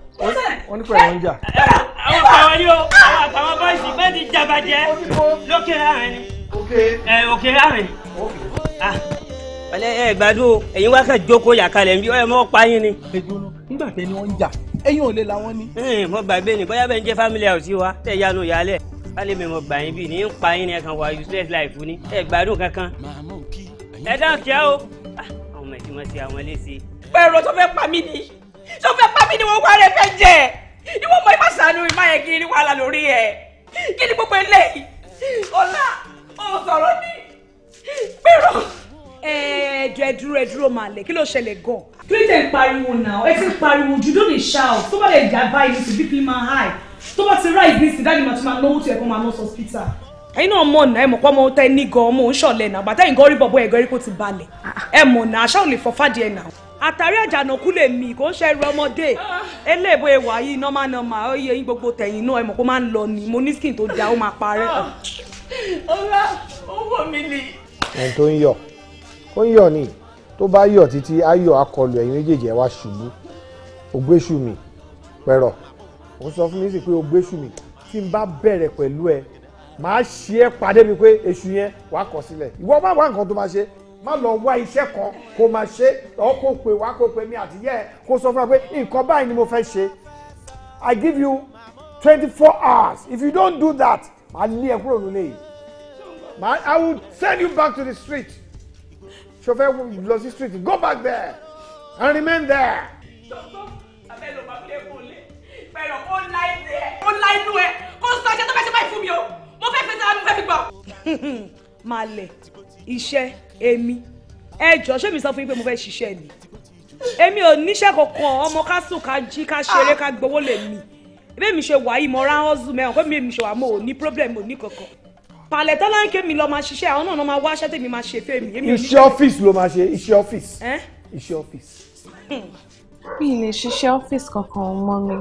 wọ́n ní pẹ̀lú ọjà. àwọn àtàwọn yóò àwọn àtàwọn bọ́ìsì bẹ́ẹ̀ ti jàbàjẹ́ lókè láàrin ni òkè láàrin ni. ọ̀lẹ́ ẹ gbádùn o ẹ̀yin wá kàn jókòó yàkalẹ̀ nbí ọ̀yẹ́ mọ́ pa yín ni. nígbà tẹ ni wọ́n ń jà ẹ̀yin ò lè làwọn ni. mo gbàgbé ni bóyá bẹ́ẹ̀ ń jẹ́ family house wa tẹ̀ yanu yálẹ̀ kálí mi mo gbà yín bí ní ń pa yín ni ẹ̀kan wà useless life ni ẹ gbádùn kankan. ẹ dáhùn kíá o. àwọn ọmọ ìtumọ̀ sí àwọn eléyìí. pẹ̀rọ tó fẹ́ pa mí ni ṣé o fẹ́ pa mí ni wọ́n wá rẹ fẹ́ jẹ ìwọ mọ ìfà sànú ìmá yẹn kiri wàhálà lórí ẹ kí ni gbogbo eléyìí ọlá ò sọ̀rọ̀ ní gbèrò. ẹ ẹ jọ ẹ dúró ẹ dúró máa lẹ kí ló ṣẹlẹ̀ gan. twitter ń pariwo náà ẹ ti ń pariwo jù ló lè ṣá o tó bá lè jà báyìí ní ti bp máa high tó bá ti ráì ní sí dáàdì máa tún máa náwó tó yẹ kó máa lọ sọ hospital ẹyin náà mọ̀ náà ẹ mọ̀ pé ọmọ tẹ ní gan ọmọ òun ṣọ̀lẹ̀ náà bàtà ìgọ́rí bọ̀bọ̀ ẹ̀gọ́rí kò ti balẹ̀ ah. ẹ mọ̀ náà aṣáò lè fọ́ fàdí ẹ̀ náà àtàrí àjànàkú lè mì kó ń ṣẹrù ọmọdé eléèbó ẹwà yìí nọ́mà nọ́mà ó yẹ yín gbogbo tẹ̀yìn náà ẹ mọ̀ kó máa ń lọ ni mo ní skin tó da ó máa parẹ́. Ah. ọlá owó mi ni. ẹni tó ń yọ ó ń yọ ni tó bá yọ títí ayọ̀ akọlù ẹ̀yin méjèèjì ẹ wá ṣubú ògbésù mi pẹ̀rọ̀ ó sọ fún mi sí pé ògbésù mi tí n bá bẹ̀rẹ̀ pẹ̀lú ẹ màá ṣe é pàdé mi pé èṣù yẹn wàá kọ sílẹ̀ ìwọ má wá nǹkan tó máa ṣe má lọ wá iṣẹ́ kan kó máa ṣe ọ́ kó pè wá kó pè mí àtìyẹ́ ẹ̀ kó sọ fún ẹ pé nǹkan báyìí ni mo fẹ́ ṣe I give you twenty four hours if you don't do that màá lé ẹ kúrò nílé yìí I will send you back to the street ṣo fẹ́ lọ sí street go back there and remain there. abẹ́lò bàbá ilé kò lè fẹ́ràn ó láì dé ó láì nú ẹ kó sọ ọjọ́ tó bá ṣe báyìí fún mi o mo fẹ́ fi sára mo fẹ́ fi gbọ́. máa lẹ̀ iṣẹ́ èmi ẹ jọ ṣé mi sọ fún yín pé mo fẹ́ ṣiṣẹ́ ni èmi ò níṣẹ́ kankan ọmọ ká sùn ká jí ká ṣeré ká gbowó lè mi bẹ́ẹ̀ mi ṣe wà yìí mo ra ọ́zù mẹ́wọ̀n pé mi ṣe wà mo ò ní problem ò ní kankan pàlẹ́ tọ́lá ń mi lọ máa ṣiṣẹ́ àwọn náà lọ máa wá aṣẹ́ tèmi máa ṣe fẹ́ mi. iṣẹ́ ọ́fíìsì ló máa ṣe iṣẹ́ ọ́fíìsì mi lè ṣiṣẹ́ ọ́fíìsì kankan mọ́ mi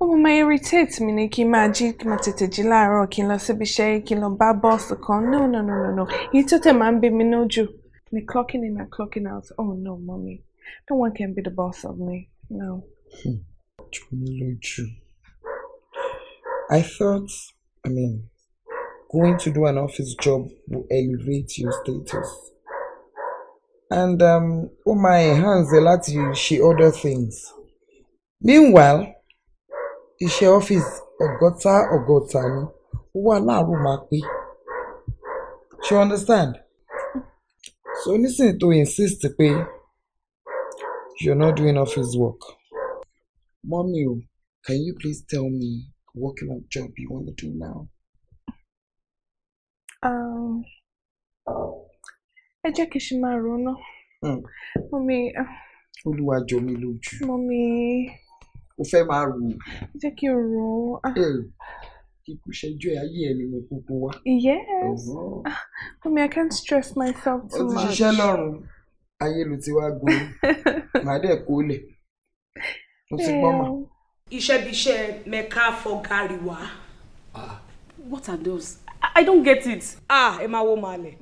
ó mọ máa irritate mi ni kí n máa jí kí n máa tètè jí láàárọ̀ kí n lọ síbi iṣẹ́ kí n lọ bá bọ́ọ̀sì kan no no no no no èyí tó tẹ̀ máa ń bí mi lójú ni clocking in and clocking out oh no mommy no one can be the boss of me no. Hmm. jù mí I thought I mean going to do an office job will elevate your status and um, my hands, a lot. She other things. meanwhile iṣẹ́ ọ́fíìsì ọ̀gọ́ta ọ̀gọ́ta ni ó wà láàárọ̀ máa pé She understand so nísìnyí to insist pé you're not doing office work mommy o can you please tell me what kind of job you want to do now. Um, ẹ jẹ́ kí n ṣe máa rò ná. mọ́mí. olúwa jọ mí lójú. mọ́mí. o fẹ́ máa rò. ẹ jẹ́ kí n rò ó. Ah. Eh, kíkú ṣẹjú ẹ ayé ẹ ni mo kúkú wá. yes mọ́mí ah, I can't stress myself too much. o ti ṣiṣẹ́ lọ́rùn ayé ló ti wá gbó màá dẹ̀ kó lẹ̀ mo ti gbọ́ mà. iṣẹ́bíṣẹ́ mẹ́ka fọ́ gàrí wá. Ah. what are those? I, I don't get it. ah ẹ máa wo màálẹ̀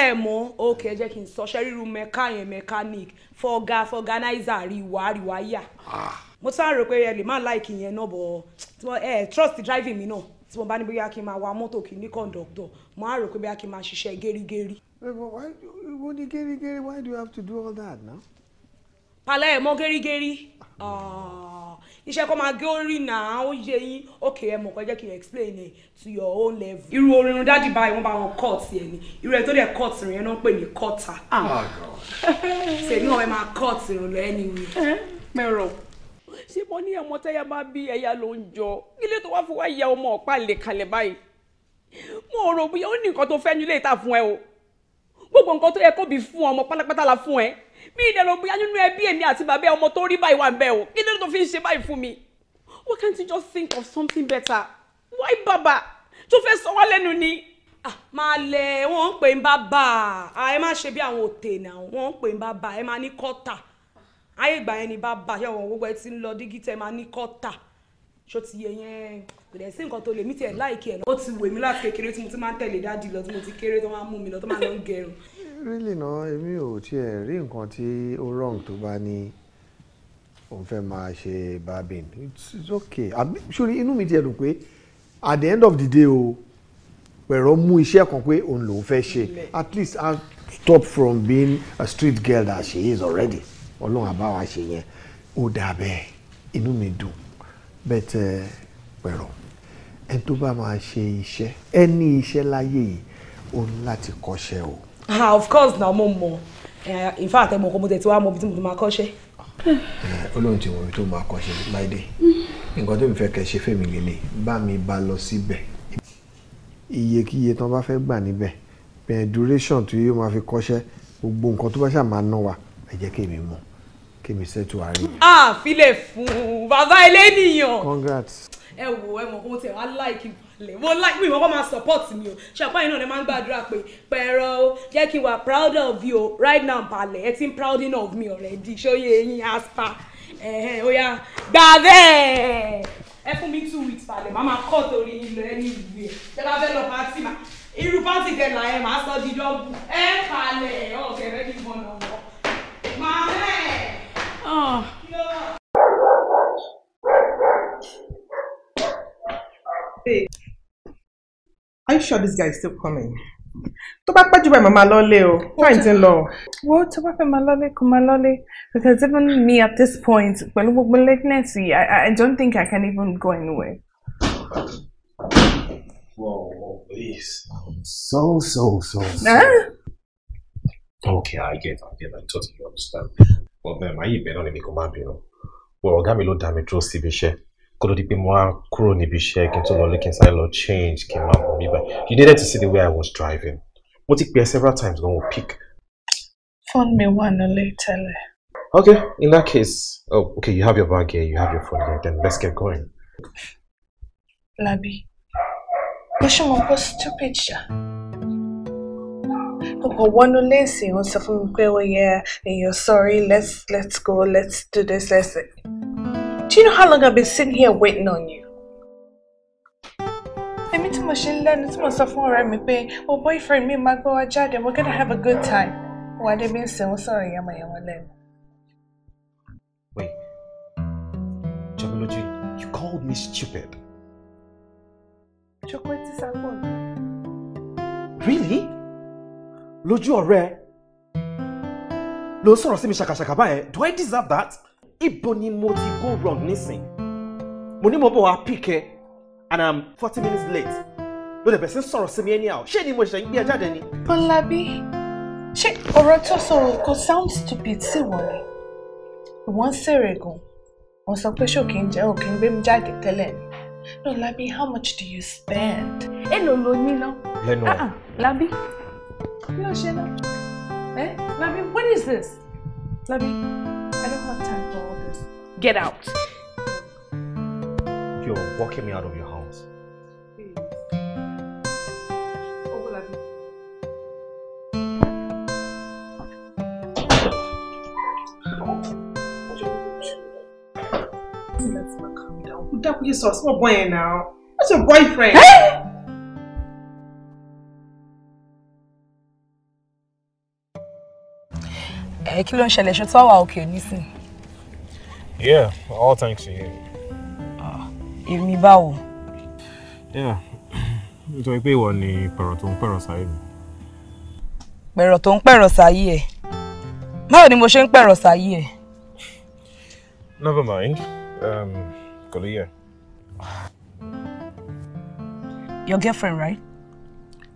ẹ mọ òkè ẹ jẹ́ kí n sọ ṣe ríru mẹka yẹn mechanic fọgá fọgánáìzà àríwá àríwá yà ah. mo sáà rò pé ẹ lè má láìkì yẹn náà bọ̀ ẹ trust driving mi náà tí mo bá ní bóyá kí n máa wa mọ́tò kì í ní kọ̀ǹdọ̀tọ̀ mo á rò pé bóyá kí n máa ṣiṣẹ́ gẹ́rígẹ́rí. wọ́n ní gẹ́rígẹ́rí why do you have to do all that now palẹ̀ ẹ̀ mọ́ gẹ́rígẹ́rí iṣẹ́ kọ́ máa gé orí náà ó yẹ yín òkè ẹ̀ mọ̀ kọ́ jẹ́ kí n explain it to your own level. irú orin dájú báyìí wọ́n bá wọn cut yẹn ni irú ẹ̀ tó dẹ̀ cut rìn yẹn náà ń pè ní cutter. sèmi ọ̀rẹ́ máa cut rìn lọ ẹni wí. mẹ́rọ̀ ṣé mo ní ọmọ tẹ́yà bá bí ẹ̀yà ló ń jọ ilé tó wá fún wa ìyá ọmọ ọ̀pá lè kalẹ̀ báyìí mo rò bóyá ó ní nǹkan tó fẹ́ nílé ìta fún ẹ o gbogbo nǹkan tó yẹ kó bí fún ọmọ pátápátá la fún ẹ mi ìdẹ̀ lọ bóyá nínú ẹbí èmi àti bàbá ọmọ tó rí báyìí wà ń bẹ̀ o kí ló tó fi ń ṣe báyìí fún mi why can't you just think of something better why bàbá tó fẹ́ sọ wá lẹ́nu ni. Ah, máa lẹ wọn ń pè ń bá bá a ah, ẹ má ṣe bí àwọn òtè náà wọn ń pè ń bá bá ẹ má ní kọ́tà ayé ìgbà yẹn ni bá bá ṣé àwọn gbogbo ẹ ti ń lọ dígítẹ má ní kọ́tà ṣó ti yẹ yẹn kò dẹ̀ sí nǹkan tó lè mí tiẹ̀ láìkí ẹ̀ lọ. ó ti wè mí láti kékeré tí mo ti máa ń tẹ̀lé dáàdì lọ tí mo ti kéré tó máa ń mú mi lọ tó máa ń lọ ń gẹrun really na èmi ò tiẹ̀ rí nǹkan tí ó wrong tó bá ní òun fẹ́ máa ṣe barbing it's, okay àbí sori inú mi tiẹ̀ dùn pé at the end of the day o pẹ̀rọ mú iṣẹ́ kan pé òun lòún fẹ́ ṣe at least I'll stop from being a street girl that she is already ọlọ́run àbáwá ṣe yẹn ó dà bẹ́ẹ̀ inú mi dùn bẹ́tẹ̀ eh, pẹ̀rọ ẹni tó bá máa ṣe iṣẹ́ ẹni iṣẹ́ láyé yìí ó ní láti kọ́ṣẹ́ o ah of course na mo mọ eh, in fact ẹ mọ kó mo tẹ̀ tí wàá mọ ibi tí mo ti máa kọ́ṣẹ́. olóhùn tí wọ́n tó máa kọ́ṣẹ́ láìdé nǹkan tó ń fẹ́ kẹ́ ṣe fèmí lélẹ̀ bá mi bá lọ síbẹ̀ iyekíye tán bá fẹ́ gbà níbẹ̀ bẹ́ẹ̀ duration tí yóò máa fi kọ́ṣẹ́ gbogbo nǹkan tó bá ṣáà máa ná wa ah, congrats ẹ wò ẹ mọ̀ ohun tẹ̀ wá láìkí balẹ̀ wọ́n láì mi ìwọ́n máa support mi o ṣàpáyé náà lè máa ń gbàdúrà pé pẹ̀rọ jẹ́ kí n wà proud of you right now balẹ̀ ẹ ti ń prouding of me already ṣóyè eyín aspa ẹ̀hẹ̀n ó yá gbà bẹ́ẹ̀ ẹ fún mi two weeks balẹ̀ màá máa kọ́ torí ilẹ̀ ẹni ìwé ẹ bá fẹ́ lọ pàtì mà irú pàtì kẹlà ẹ màá sọ dídọ́ ẹ palẹ̀ ọ̀kẹ́rẹ́ ní mọ̀nà wọ màmẹ́. Are you sure this guy is still coming? Tó bá pẹ́jù báyìí, màmá lọ́lé o. Fáìn ti ń lọ. Wo tó bá fẹ́ máa lọ́lé kó máa lọ́lé because even me at this point pẹ̀lú gbogbo lateness I, I don't think I can even go anywhere. Whoa, please. So, so, so. so. Huh? Okay, I get, I get, I totally understand. But then, my email only make a man, you know. Well, ọ̀gá mi ló dá mi dúró síbi iṣẹ́ kó ló pé mo wá kúrò níbi iṣẹ́ kí n tó lọ lé sáré lọ change kí n máa bọ̀ mí you needed to see the way I was driving mo ti pè ẹ́ several times gan wò pick. phone mi wà nílé tẹ́lẹ̀. okay in that case oh, okay you have your bag here you have your phone here then let's get going. labi bó ṣe mọ bó stupid ṣá. Ọkọ̀ wọnú léèsì, wọ́n sọ fún mi pé ó yẹ èèyàn sorry let's let's go let's do this let's. Do you know how long I've been sitting here waiting on you? Èmi tí mo ṣe ń lẹ́nu tí mo sọ fún ọ̀rẹ́ mi pé o oh, boyfriend mi máa gbọ́ wa jáde we're gonna have a good time. Wà á débi ń sẹ́wọ́n sọ̀rọ̀ yamayama lẹ́nu. Wait, Jamiloji, you called me stupid. Chocolate is our one. Really? Lójú ọ̀rẹ́, ló ń sọ̀rọ̀ sí shaka ṣàkàṣàkà báyẹn, do I deserve that? ibo ni mo ti go wrong nísìn mo ní mo bọ̀ wá pìkẹ́ and i'm forty minutes late ló lè bẹ̀sẹ̀ sọ̀rọ̀ sí mi anyhow ṣé ni mo ṣe ń gbé ẹ ni. Bọ́lábí ṣé ọ̀rọ̀ tó sọ̀rọ̀ kò sound stupid sí wọn ni wọ́n ń ṣèrè gan wọ́n sọ pé ṣòkè ń jẹ́ òkè ń gbé mi jáde tẹ́lẹ̀ ni no Labi how much do you spend. èlò ló ní ná. lẹ́nu ẹ̀. Labi bí ó ṣe ná. Eh, Labi what is this? Labi. I don't have time for all this. Get out. You're walking me out of your house. Please. Let's calm down. Who that is us? What boy now? That's your boyfriend. Hey! ẹ eh, kí ló ń ṣẹlẹ̀ ṣe tó wà òkè nísìn. yeah all thanks to you. èmi báwo. yeah nítorí pé ìwọ ni pẹ̀rọ̀ tó ń pẹ̀rọ̀ sáyé mi. pẹ̀rọ̀ tó ń pẹ̀rọ̀ sáyé ẹ̀ báwo ni mo ṣe ń pẹ̀rọ̀ sáyé ẹ̀. never mind um, kò lè yẹ. your girlfriend right.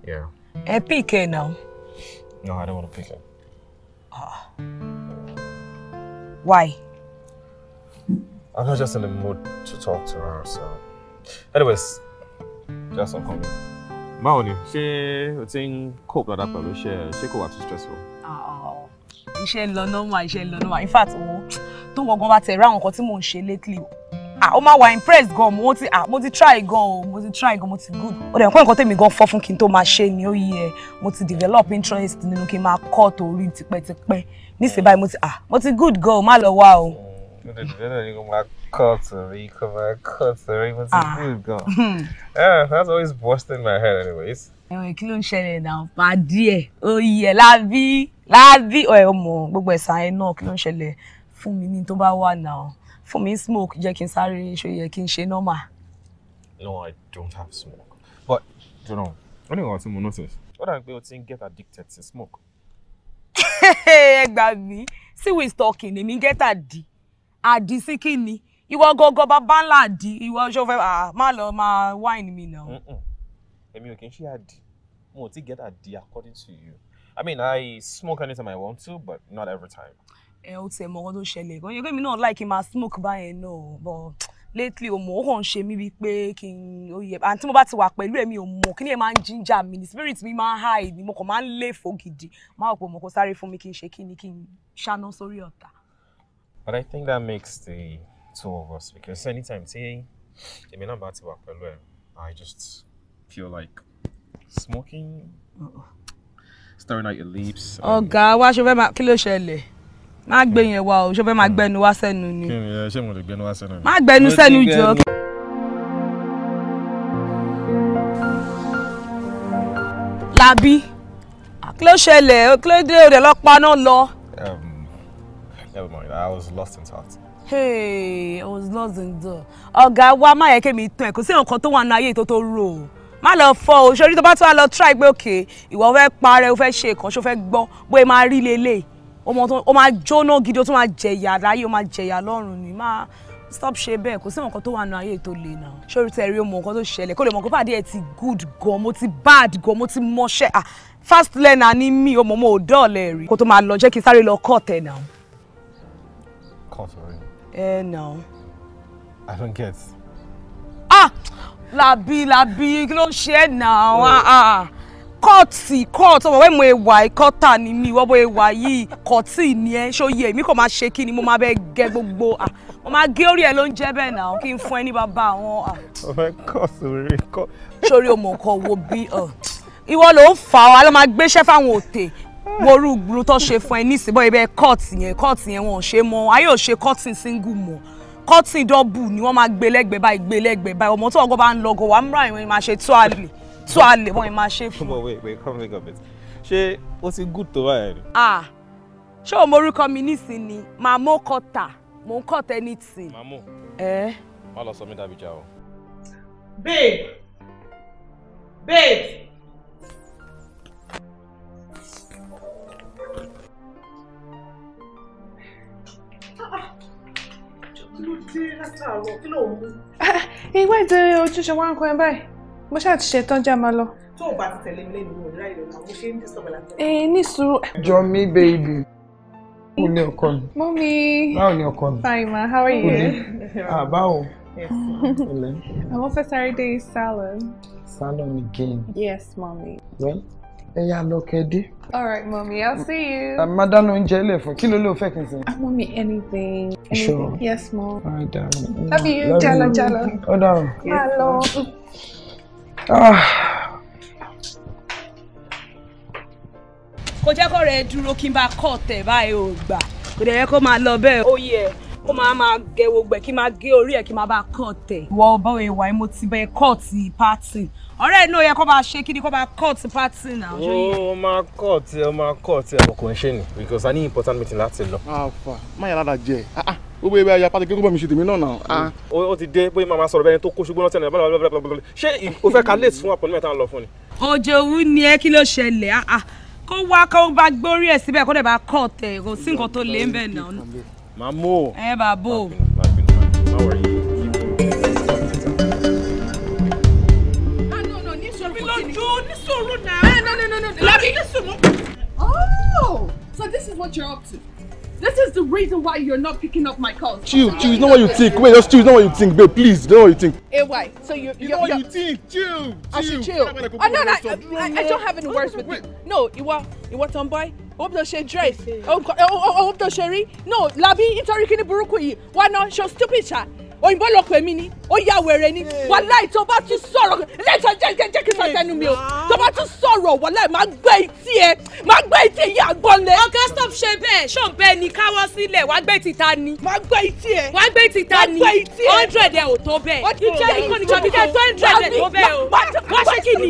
yeah. ẹ pick her now. no i don't want to pick her. Why? I'm not just in the mood to talk to her, so. Anyways, just on coming. Báwo ni, ṣé o ti ń cope dáadáa pẹ̀lú iṣẹ́ She kò wá stressful? Oh, she lọ normal, iṣẹ́ ń lọ normal. In fact, oh, don't go bá tẹ̀ rí àwọn nǹkan tí mò lately ah ó máa wà impressed gan mo ti ah mo ti try gan o mo ti try gan mo ti good ó dẹ̀ pé nǹkan tèmi gan fọ́ fún kí n tó máa ṣe ni ó yẹ mo ti develop interest nínú kí n máa kọ́ torí tipẹ́tipẹ́ níṣẹ́ báyìí mo ti ah mo ti good gan o má lọ wá o. Cut Rico, come on, cut Rico. What's ah. good going? Hmm. yeah, that's always busting my head, anyways. Ẹ̀wọ̀n kí ló ń ṣẹlẹ̀ náà? Pàdé ẹ̀, oyè lábí, lábí, ọ̀ẹ́ ọmọ gbogbo ẹ̀sán ẹ̀ náà kí ló ń ṣẹlẹ̀ fún mi ní tó bá wà náà fún mi smoke jẹ́ kí n sáré ṣe yẹ kí n ṣe normal. no i don't have smoke but you know only one thing mo notice What dàbí pé o ti ń get addicted to smoke. ẹ gbà mí sí we talking èmi get àdì àdì sí kí ni ìwọ gọgọ bàbá ńlá àdì ìwọ ṣọfẹ má lọ máa wine mi náà. èmi ò kì í ṣe àdì mo ò ti get àdì according to you i mean i smoke anytime i want to but not every time ẹ ó tiẹ̀ mọ ọkọ tó ṣẹlẹ̀ gan yẹn mi náà láì kí n máa smoke báyẹn náà but lately o mọ ó hàn ṣe mí bíi pé kí n ó yẹ àti mo bá ti wà pẹ̀lú ẹ̀mí ò mọ̀ kí ni ẹ máa ń ginger mi ni spirit mi máa ń hide ni mo kàn máa ń lè gidi máa wò pé mo kò sáré fún mi kí n ṣe kí ni kí n ṣáná sórí ọ̀tá. But I think that makes the two of us because anytime tí èmi náà bá ti wà pẹ̀lú ẹ I just feel like smoking. Uh-oh. staring at your lips. Ọ̀gá wa ṣe fẹ́ máa kí ló ṣẹlẹ̀? má gbé yẹn o ṣé máa gbẹnu wá sẹ́nu ni. kí ni ẹ ṣé mo lè gbẹnu wá sẹ́nu ni. má gbẹnu sẹ́nu jọ. làbí kí ló ṣẹlẹ̀ kí ló dé òde ọlọ́pàá náà lọ. Um, never mind i was lost in thought. hey i was lost in thought. ọ̀gá wa má yẹ kémi tán ẹ̀ kò sí nǹkan tó wà ní ayé tó rò ó má lọ fọ o ṣorí tó bá tún wá lọ try pé òkè ìwọ fẹ́ parẹ́ o fẹ́ ṣe ìkànṣó fẹ́ gbọ́ bóyá máa rí lélẹ́yìí ọmọ tó o máa jóná gidi o tó máa jẹ̀yà láyé o máa jẹ̀yà lọ́run ni máa stop ṣe bẹ́ẹ̀ kò sí nǹkan tó wà nù ayé tó le nà ṣórí tẹ rí ọmọ nǹkan tó ṣẹlẹ̀ kó lè mọ̀ pé pàdé ẹ̀ ti good gan mo ti bad gan mo ti mọṣẹ́ ah first learner ni mí o mọ̀ mo ò dọ́ọ̀lẹ̀ rí kó tó máa lọ jẹ́ kí n sáré lọ cut ẹ̀ nà. cut ọ̀rẹ́. ẹ nà. I don't get. ah labi, labi, kí ló ń ṣe é nà. Ah, ah kọ́ọ̀tì kọ́ọ̀tì ọmọ wẹ́ẹ̀ mo ìwà e ìkọ́ta ni mi ìwọ́ bó ìwà yìí kọ́ọ̀tì ni ẹ ṣó yẹ èmi kò máa ṣe kí ni mo máa bẹ gẹ gbogbo à ah. mo máa gé orí ẹ ló ń jẹ́ bẹ́ẹ̀ náà kí n fún ẹ ní bàbá àwọn à. ọmọ ẹ kọ sórí kọ. sórí ọmọ kan wo bí ìwọ ló ń fà ọ alọ́ máa gbéṣẹ́ fáwọn òtè worú gburu tó ṣe fún ẹ nísìbọ̀ ibẹ̀ kọ́ọ̀tì yẹn kọ́ọ̀tì yẹn wọn ò ṣe mọ́ ayé ò ṣe kọ́ọ̀tì single mọ́ kọ́ọ̀tì dọ́bù ni wọ́n máa gbélẹ́gbẹ̀ẹ́ báyìí gbélẹ́gbẹ̀ẹ́ báyìí ọmọ tó ọgọ́ bá ń lọ gọ̀ wá múra ìwọ̀n máa ṣe tó àlè tó a lè wọ́n máa ṣe fún. wait wait come think of it ṣé ó ti good tó báyìí ni. ah ṣé o morúkọ mi nísìn ni màmú kọta mò ń kọ́ tẹ́ ní tì. màmú ẹ má lọ sọ mí dàbí jà o. babe babe. Ah, kí ló dé látàárọ̀ kí ló mú. ìwé eh, ìdè ojúṣe wa ń kọ ẹ báyìí mo ṣáà ti ṣetán já máa lọ. tó o bá ti tẹ̀lé mi lẹ́nu ìwé ráyè lọ́la mo ṣe ń tẹ̀sán bẹ̀rẹ̀ ẹ ní sùúrù. jọ mi baby. kú ni ọkọ mi. mummy. báwo ni ọkọ mi. fine ma how are you. kú ni ah báwo. àwọn fẹ́ sáré dé salon. salon again. yes mummy. well ẹ yá lọ kẹ́dé. all right mummy i'll see you. àmì ah, máa dáná oúnjẹ ilé fún kí ló ló fẹ́ kí n sìn. i want me anything. sure yes mom. Alright, darling. love you jalo jalo. ó dàrú. Hello. lọ. Ah. kò jẹ́ kó rẹ̀ dúró kí n bá kọ́ tẹ̀ báyìí ò gbà kò dẹ̀ yẹ kó máa lọ bẹ́ẹ̀. ó yẹ kó máa máa gẹ gbogbo ẹ̀ kí n máa gé orí ẹ̀ kí n máa bá kọ́ tẹ̀. ìwọ ọba ìwà yìí mo ti bẹ kọ́ọ̀tì pátì ọ̀rẹ́ inú yẹ kó máa ṣe kí ni kó máa kọ́ọ̀tì pátì náà. ó máa kọ́ọ̀tì ó máa kọ́ọ̀tì ẹ̀ kò ṣe ni because I need important meeting láti lọ. àfà má yàrá dà jẹ́ ah ah gbogbo ibà ya pàtàkì gbogbo mi ṣe tèmi náà nà. o ah. ti dé bóyá màmá sọ̀rọ̀ bẹ́ẹ̀ tó kó ṣubú náà tẹ̀lé blablabla ṣé o fẹ́ ka late fún àpò nígbà tá à ń lọ fún ni. òjòwú ni ẹ kí ló ṣẹlẹ̀ ah, ah. kó wá kó bá gbórí ẹ̀ síbẹ̀ kó dẹ̀ bá kọ̀ tẹ̀ kò sí nǹkan tó lé ń bẹ̀ màmú o. ẹ bàbá o. Eh, oh, so this is what you're up to. This is the reason why you're not picking up my calls. Chill, chill. It's not what you think. Wait, just chill. It's not what you think, babe. Please, it's not what you think. Hey, why? So you, you, you what you think? Chill, chill. I should chill. Oh, no, no, I, I, I don't have any words with you. No, you want, you want tomboy? hope the ṣe dress oh, oh, oh, oh! hope to ṣe rí no labi nítorí kíni burúkú yìí why not ṣe stupid ṣá òyìnbó ló pè mí ni ó yá wèrè ni wàláì tó bá tún sọ̀rọ̀ lẹ́tọ̀ jẹ́ kí n sọ tẹnu mi o tó bá tún sọ̀rọ̀ wàláì máa gbé etí ẹ máa gbé etí ẹ yá gbọ́n lẹ. stop ṣe bẹ́ẹ̀ ṣó ń bẹ ni káwọ́ sílẹ̀ wàá gbé etí ta ni. máa gbé etí ẹ. wàá gbé etí ta ni hundred ẹ ò tó bẹ́ẹ̀. ìjẹ́ ìkànnì kan ní kẹ́ tó hundred ẹ tó bẹ́ẹ̀ o. wá ṣe kí ni.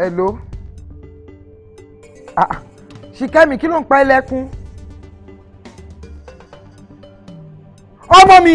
Hello. Ah, Ṣìkẹ́mi kí ló ń pa ẹlẹ́kún? Ọmọ mi!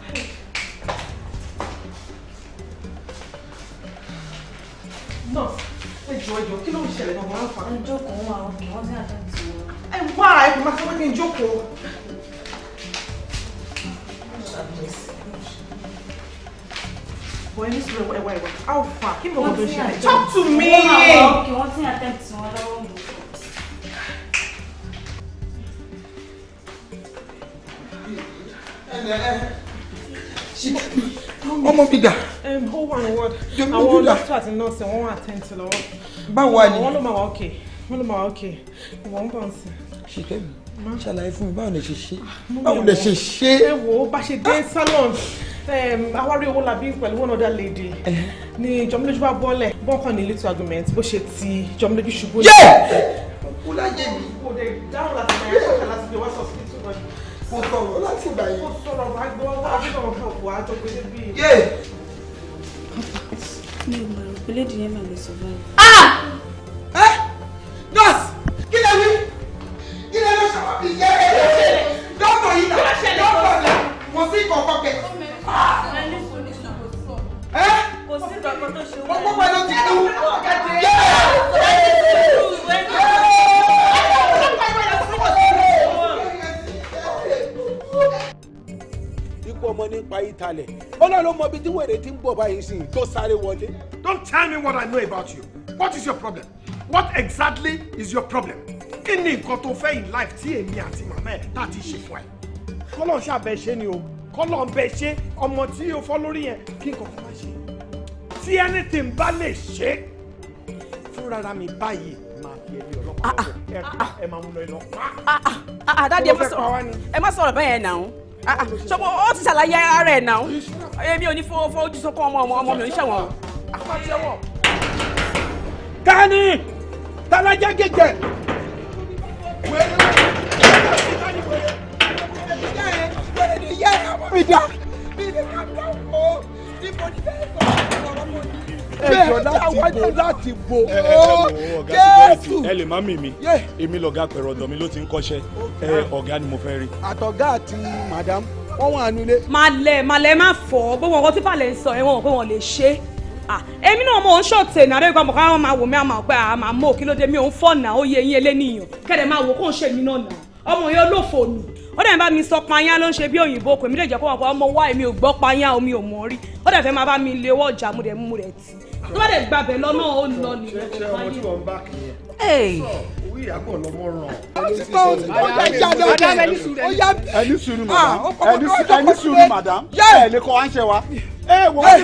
nurse ẹ jọ ẹ jọ kí ló ń ṣẹlẹ̀ náà wọ́n á fà. ẹ jókòó wọn àwọn kì wọ́n sí àtẹ̀ǹtì wọn. ẹ wá ẹ kò máa sọ pé kí n jókòó. bọ̀ ẹ ní sọ̀rọ̀ ẹwà ẹwà á ò fà kí ló ń tó talk to me. wọ́n kì wọ́n sí àtẹ̀ǹtì wọn lọ́wọ́ mi ọmọ mi dà. ó wà ní wọ́ọ̀dù àwọn dókítà àti nọ́ọ̀sì wọ́n wà tẹ́ǹtì lọ́wọ́. báwo a ni. wọ́n ló máa wà ókè wọ́n ló máa wà ókè wọ́n ń bọ̀ ń sìn. ṣìkẹ́ mi ṣàlàyé fún mi báwo lè ṣe ṣe ah, báwo lè ṣe ṣe. ẹ wo bá ṣe dé ah! salon awárí owó làbí pẹ̀lú one other lady ni jọmọlójú bá bọ́lẹ̀ bọ́ọ̀kan ní little argument bó ṣe ti jọmọlójú ṣubú. yẹ́ẹ̀ kúláyé mi kò dé dáhùn láti máa yẹ láti gbé wá sọ́sì mo sọ̀rọ̀ láti ìgbà yìí. mo sọ̀rọ̀ máa gbọ́ wá sọ̀rọ̀ fún ọ̀pọ̀ àjọ pé débi. yé. mi ò mọ̀ pé lédi yẹn máa lè sọ báyìí. ẹ nọ́ọ̀sì kí lè wí kí lè lọ ṣàwọn mi yẹ ẹ ṣe dọ́tọ̀ yìí náà dọ́tọ̀ náà mo sí ìkọ̀ ọkọ̀ kẹ. kò sí ìkọ̀kọ̀ tó ṣe wọ́n. ó gbọ́dọ̀ ti kú. kú ọmọ nípa ìtàlẹ̀ ọlọ́run mọ ibi tí wèrè ti ń bọ̀ báyìí sí tó sáré wọlé. don't tell me what i know about you what is your problem what exactly is your problem kí ni nǹkan tó fẹ́ in life tí èmi àti màmá ẹ̀ tá a ti ṣe fún ẹ kọ́lọ́ ń ṣàbẹ̀ ni o kọ́lọ́ ń ṣe ọmọ tí o fọ́ lórí yẹn kí nǹkan kan máa ṣe tí anything bá lè ṣe fúnra mi báyìí máa fi ẹbí ọlọ́pàá ah, ah. ẹ máa mú lọ ah, ẹ lọ àdá di ẹ má sọ̀rọ̀ bẹ́ẹ̀ náà ṣọpọ ó ti ṣàlàyé ara ẹ̀ náà èmi ò ní fọ fọ ojú sọkọ ọmọ ọmọ ọmọ mi ò ní ṣẹ̀wọ̀n àpàtẹ́wọ̀. kání talajẹ gẹgẹ. ìdá. bẹ́ẹ̀ láwájú láti bo oh, jésù. ẹ lè má mì mí èmi lọ̀gá pẹ̀rọ ọ̀dọ̀ mi ló ti ń kọ́ṣẹ́ ọ̀gá ni mo fẹ́ rí. àtọ̀gá àti madam wọ́n wà nulẹ̀. màlẹ̀ màlẹ̀ má fọ̀ gbogbo nǹkan tí pàlẹ́ ń sọ ẹ̀wọ̀n ò pé wọ́n lè ṣe é èmi náà mò ń ṣọ̀tẹ̀ nàrẹ́ ìgbà mọ̀ká wọn máa wò mí àmà pé àmà mọ́ òkè lóde mi ò ń fọ̀ ó yẹ eyín eléníyàn kẹ́rẹ̀ máa wò kó ń ṣe mí náà nà ọmọ yẹn olófò nù ó dẹ̀ bá mi sọ payá ló ń ṣe bí òyìnbó kò èmi lè jẹ́ kó wọn kọ́ ọmọ wá èmi ò gbọ́ payá omi ò mọ̀ rí ó dẹ̀ fẹ́ máa bá mi lé ọwọ́ ọjà mo dẹ̀ mú rẹ̀ tì tó bá dẹ̀ gbàbẹ̀ lọ́nà ó lọ nìyẹn ah, ẹ lè kọ́ àṣẹ wa. ẹ wọlé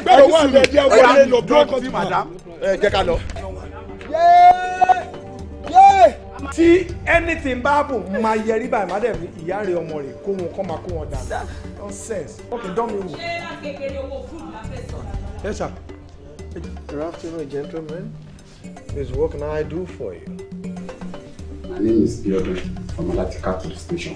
lọ bí ọkọ bí madam. ẹ jẹ ká lọ tí anything bá bù máa yẹrí báyìí má dẹ̀bi ìyá rẹ̀ ọmọ rẹ̀ kó wọn kọ́ máa kó wọn dànù nonsense okay dán mi ṣé akékeré owó fúlù la fẹ́ sọ? yes sir. good afternoon gentlemen this work now I do for you. my name is biodun from alati catholic station.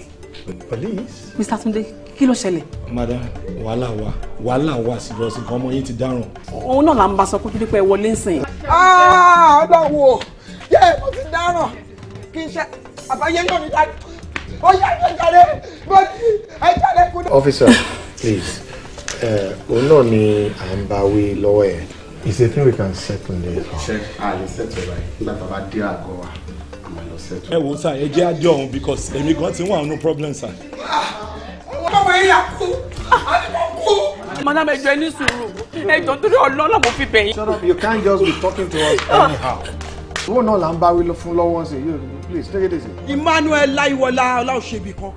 police. mr tunde kí ló ṣẹlẹ̀. madam wàhálà wa wàhálà wa síbọ̀sí kan ọmọ yín ti dáràn. òun náà là ń bá sọ kó tó dípẹ́ wọlé ń sìn. Ah, ọlọ́wọ́ yẹ́ẹ̀ mo ti dáràn kí n ṣe àbáyé náà ní dáadé ẹ jáde bọ́dí ẹ jáde kú. officer please òun náà ni à ń bá wí lọ́wọ́ ẹ̀. It's a thing we can settle later. ṣe a lè settle báyìí nígbà tá a bá dé àgọ́ wa àmọ́ lọ settle. ẹ wo sir ẹ jẹ́ àjọ òun because èmi gan ti ń wà nínú problem sir. ọmọ mi yà kú àdìmọ̀ kú. madam ẹ jọ̀ọ́ ẹ ní sùúrù ẹ jọ̀ọ́ torí Ọlọ́run mo fi bẹ̀ shut up you can't just be talking to us anyhow owó náà là ń báwí fún lọ́wọ́ ṣe yóò please take it easy. Emmanuel láìwọlá ọláòṣèbí kan.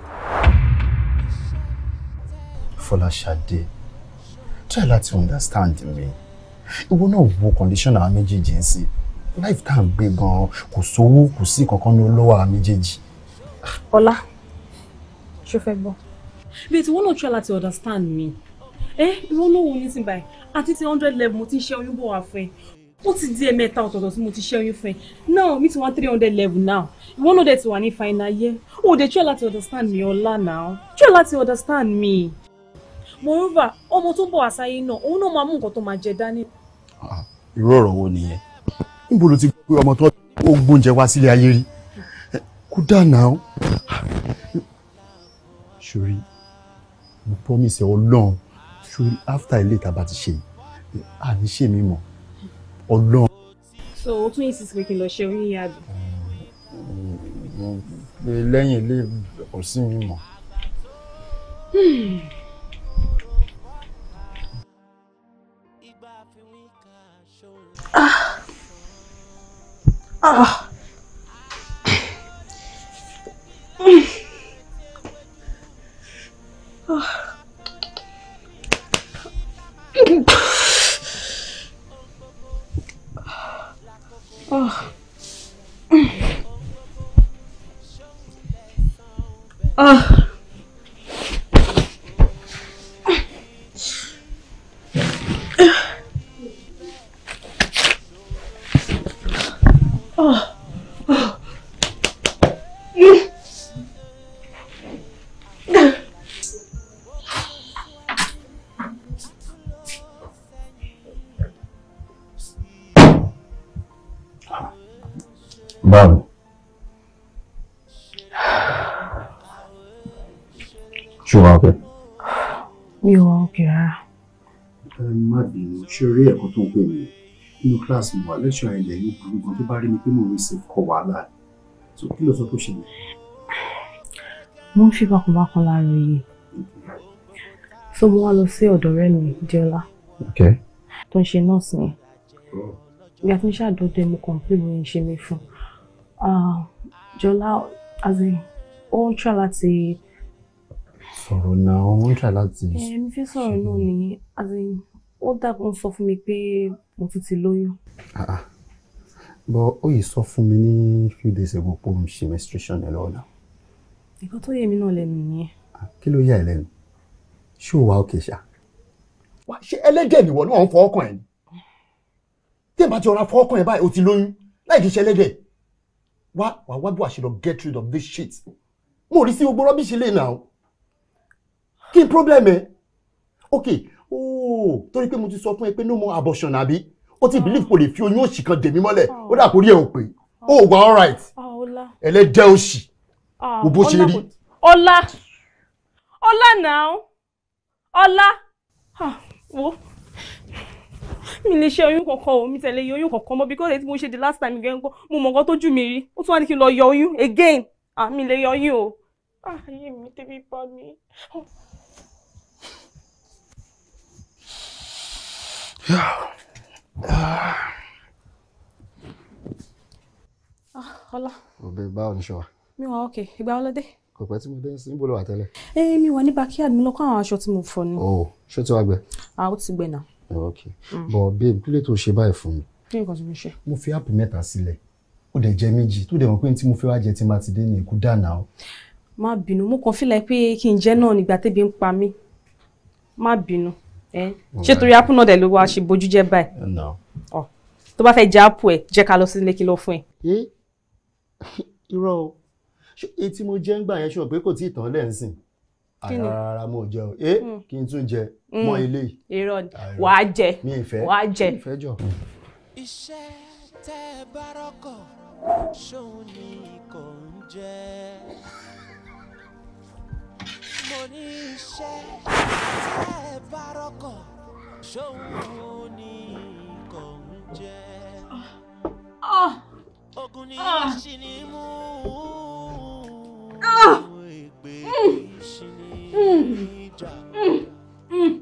Fọláṣadé try láti understand me ìwọ náà wo condition àwọn méjèèjì ń sí life tá à ń gbé gan-an kò sówó kò sí kankan ní olówó àwọn méjèèjì. ọlá ṣó fẹ́ gbọ́. bí ètò ìwọ náà try láti understand me ẹ eh, ìwọ náà wo ní ti báyìí àti ti hundred level mo ti ń ṣe oyún bọ̀ wá fún ẹ ó ti di ẹ̀mẹ́ta ọ̀tọ̀ọ̀tọ̀ tí mo ti ṣe oyún fún ẹ now mi ti three hundred level now ìwọ náà dẹ̀ ti wà ní final year ó dẹ̀ try to understand mi ọ̀la now try to understand mi moreover ọmọ tó ń bọ̀ àṣàyè náà òun náà máa mú nǹkan tó máa jẹ dání. Ah, irú ọ̀rọ̀ wo nìyẹn níbo ló ti gbé ọmọ tó ó gbóúnjẹ wá sílé ayé rí eh, kú dáná o ṣòrí mo promise ẹ ọlọ́run ṣòrí after ilé ìta bá ti ṣe àníṣe eh, mi mọ̀ ọlọ́run. so o tún yìí sísè pé kí n lọ ṣe oyún yàgbé. lẹ́yìn ilé ọ̀sìn mi mọ̀. Ah. Ah. Ah. Oh. Oh. Oh. ṣé orí ẹ̀kọ́ tó ń pè mí nínú kíláàsì mi wà lẹ́ṣọ̀ ilẹ̀ yìí burú gan tó bá rí mi pé mò ń ṣe kọ wàhálà tó kí ló sọ tó ṣẹlẹ̀. mo ń fi bákanbákan láàárọ̀ yìí so mo wá lọ sí ọ̀dọ̀ ọ̀rẹ́ mi Diola tó ń ṣe nọ́ọ̀sì yẹn ìgbà oh. tí mo ṣàdọ́dọ̀ ẹ̀ mo kọ̀ǹpé mi ń ṣe mí fún Diola ah, ó ń try láti sọ̀rọ̀ náà ó ń try láti. ẹ̀ eh, fi sọ̀rọ̀ náà nìyẹn ó dàbọ̀ ń sọ fún mi pé mo tún ti lóyún. bọ ó yìí sọ fún mi ní few days ago pé òun ṣe menstruation ẹ lọ́wọ́ náà. nǹkan tó yẹ mí náà lẹ́nu nìyẹn. Ah, kí ló yà ẹ́ lẹ́nu ṣé ò wá òkè ṣá. wá ṣé ẹlẹ́dẹ̀ nìwọ ni wọ́n ń fọ ọkàn ẹ̀ ni tí èèmà ti ọ̀rá fọ ọkàn ẹ̀ báyìí ó ti lóyún láì kí ṣe ẹlẹ́dẹ̀ wá wá wá bí wàá ṣe lọ get rid of this shit mo rí sí gbogbo rọ́bìṣì lè nà ó kí n problem ẹ ok ooo torí pé mo ti sọ fún ẹ pé no more abortion àbí ó ti believe kò lè fi oyún òṣì kan dè mí mọ́lẹ̀ ah. ó dà kó rí ẹ̀ ò pé ó ah. oh, wà all right ah, ẹlẹ́dẹ́ òṣì kò bó ṣe rí. ọlá ọlá náà ọlá wo mi lè ṣe oyún kankan o mi tẹ̀lé iye oyún kankan mọ́ because èyí mo ṣe the last time gẹ́gẹ́ mo mọ̀ nǹkan tójú mi rí ó tún wá ní kí n lọ yọ oyún again mi lè yọ oyún o. ayé mi tẹ́bí bá mi. Yeah. Ah. Ah, Ọlá. Òbí báwo ni ṣe wà? Mi wà okay, ìgbà ọlọ́dẹ. Kò pẹ́ tí mo dé sí níbo ló wà tẹ́lẹ̀. Ẹ mi wà ní backyard mi lọ kó àwọn aṣọ tí mo fọ ni. Oh, ṣé tí wàá gbẹ? Ah, o ti gbẹ na. Oh, okay, mm. but babe kí lè tó ṣe báyìí fún mi? Kí nǹkan tí mo ṣe? Mo fi áàpù mẹ́ta sílẹ̀, ó dẹ̀ jẹ méjì, tó dẹ̀ mọ̀ pé tí mo fẹ́ wá jẹ tí n bá ti dé ní ikú dànà o. Má bínú, mo kàn feel like pé kí n jẹ náà nígbà tébi ń pa mí. Má bínú. Eh? ṣé torí apu náà dẹ̀ ló wá ṣe bójú jẹ́ báyìí tó bá fẹ́ jẹ apu ẹ̀ jẹ́ ká lọ sí ilé kí ló fún ẹ. Eh? irọ́ o etí mo jẹ́ ń gbà yẹn ṣùgbọ́n pé kò tí ì tán lẹ́ǹsìn àràrà mo jẹ o ẹ eh? hmm. kí n tún jẹ hmm. mọ ilé yìí. irọ́ ni wàá jẹ wàá jẹ. iṣẹ́ tẹ́ bá rọ́kọ̀ ṣóun ni kò ń jẹ́ mo ní bá rọ́kọ̀ ṣóun ní kò ń jẹ́. ogun ni ah. ṣì ní mú un ah. ìpè hmm. ṣì ní hmm. ìjà. Hmm.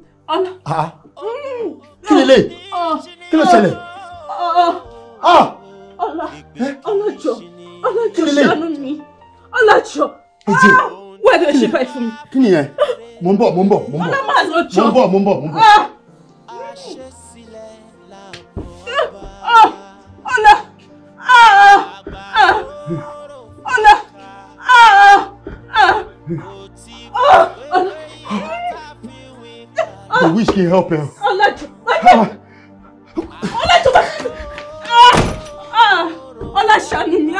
Ah. kí lè lè kí ló ṣẹlẹ̀ ọlájọ ọlájọ ṣàánú mi ọlájọ wọ́n ló ṣe báyìí fún mi. kí ni yẹn mo ń bọ̀ mo ń bọ̀ mo ń bọ̀ mo ń bọ̀ mo ń bọ̀ mo ń bọ̀. ọ̀nà ọ̀nà ọ̀nà. I wish he help him. ọ̀nà jù ọ̀nà jù ah! ọ̀nà ah! ah! ṣàánú mi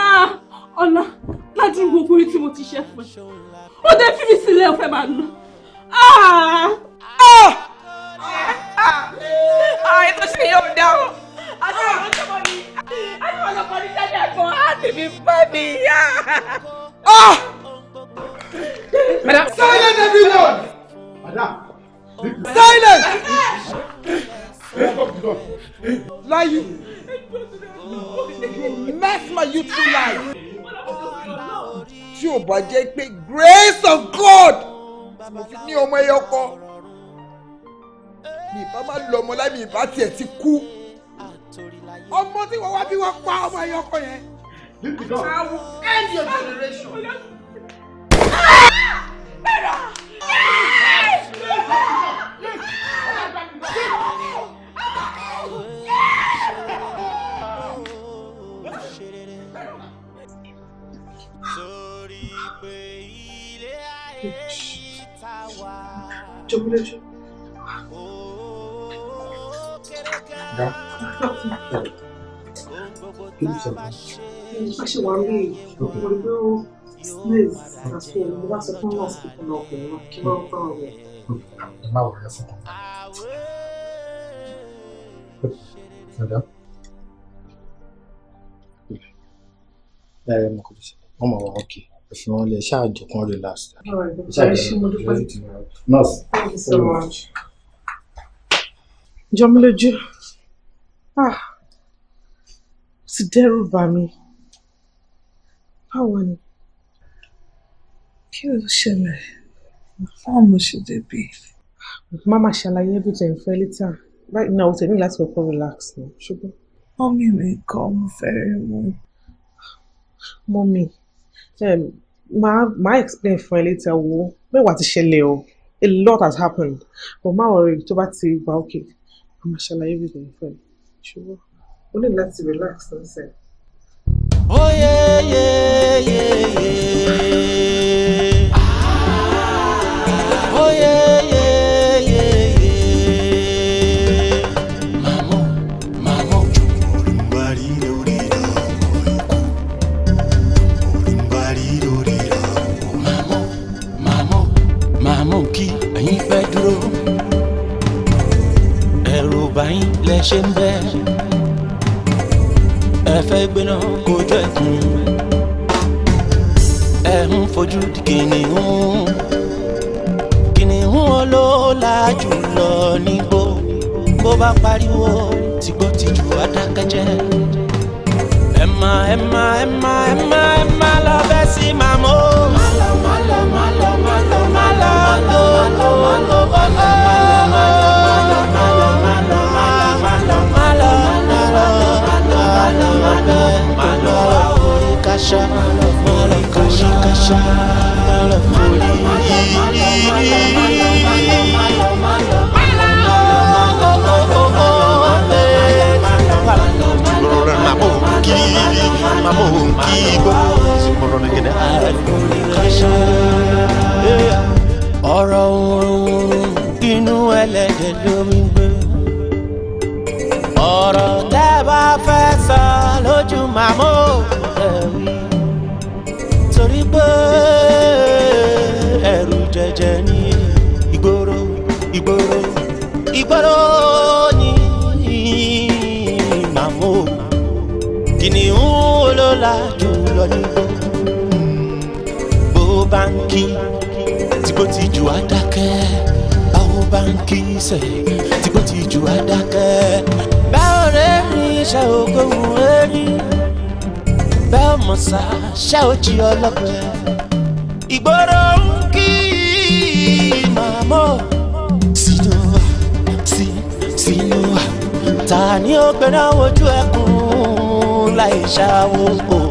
ọ̀nà ládùúgbò gbogbo orí tí mo ti ṣe fún ẹ ó dé fi sílẹ̀ ó máa lọ. ààrẹ ah! ah! ah! tó yóò dá o àti àwọn ọlọ́kọ ni àti àwọn ọlọ́kọ ni jáde àgbọn àti mi bá mi yá. Madam. Silence everyone! Madam. Silence! Lie you! Mess my youthful life! ò bá jẹ́ pé grace of God mo ní ọmọ ẹyọ kọ mi ìbá má lọ ọmọ láì mi ìbá tiẹ̀ ti kú ọmọ tí wọ́n wá bí wọ́n pa ọmọ ẹyọ kọ yẹn. I will end your generation. Ah! jọmí lójú. Dá. Kí ló ṣẹlẹ̀? Bá ṣe wà ní ìgbòho Smith àti ẹ̀mí wá sọ fún nọ́ọ̀sì pípọ̀ náà ọkùnrin náà kí wọ́n bá wọn rẹ̀. Ẹ má wọ̀rẹ́ fún wọn. Madam. Ẹ mọ̀ kò tó ṣe, wọ́n mọ̀ wọ́n ókè if you wan lè ṣáàjò kan thank you so much. jọmílójú ah ti dẹ́rù bà mí báwo ni kí ló ṣẹlẹ̀ fáwọn mo ṣe débi. má má ṣàlàyé bí tẹ̀ ń fẹ́ lítà right now tèmi láti kọ́kọ́ relax ni ṣùgbọ́n. mọ́mí mi kọ́ mo fẹ́ rí mu. um, My my explain fún ẹ later wo mẹ́wàá ti ṣẹlẹ̀ o a lot has happened but má worry tó bá ti wà ókè a máa ṣàlàyé everything fún ẹ ṣùgbọ́n o ní láti relax lọ́sẹ̀. oyè yé yé Oh yeah. ṣá ò jí ọlọ́pẹ. ìgboro ń kí màmá sínú wa sí sínú wa ta ni ó gbẹ́ná wojú ẹkùn láì ṣàwọ̀ o.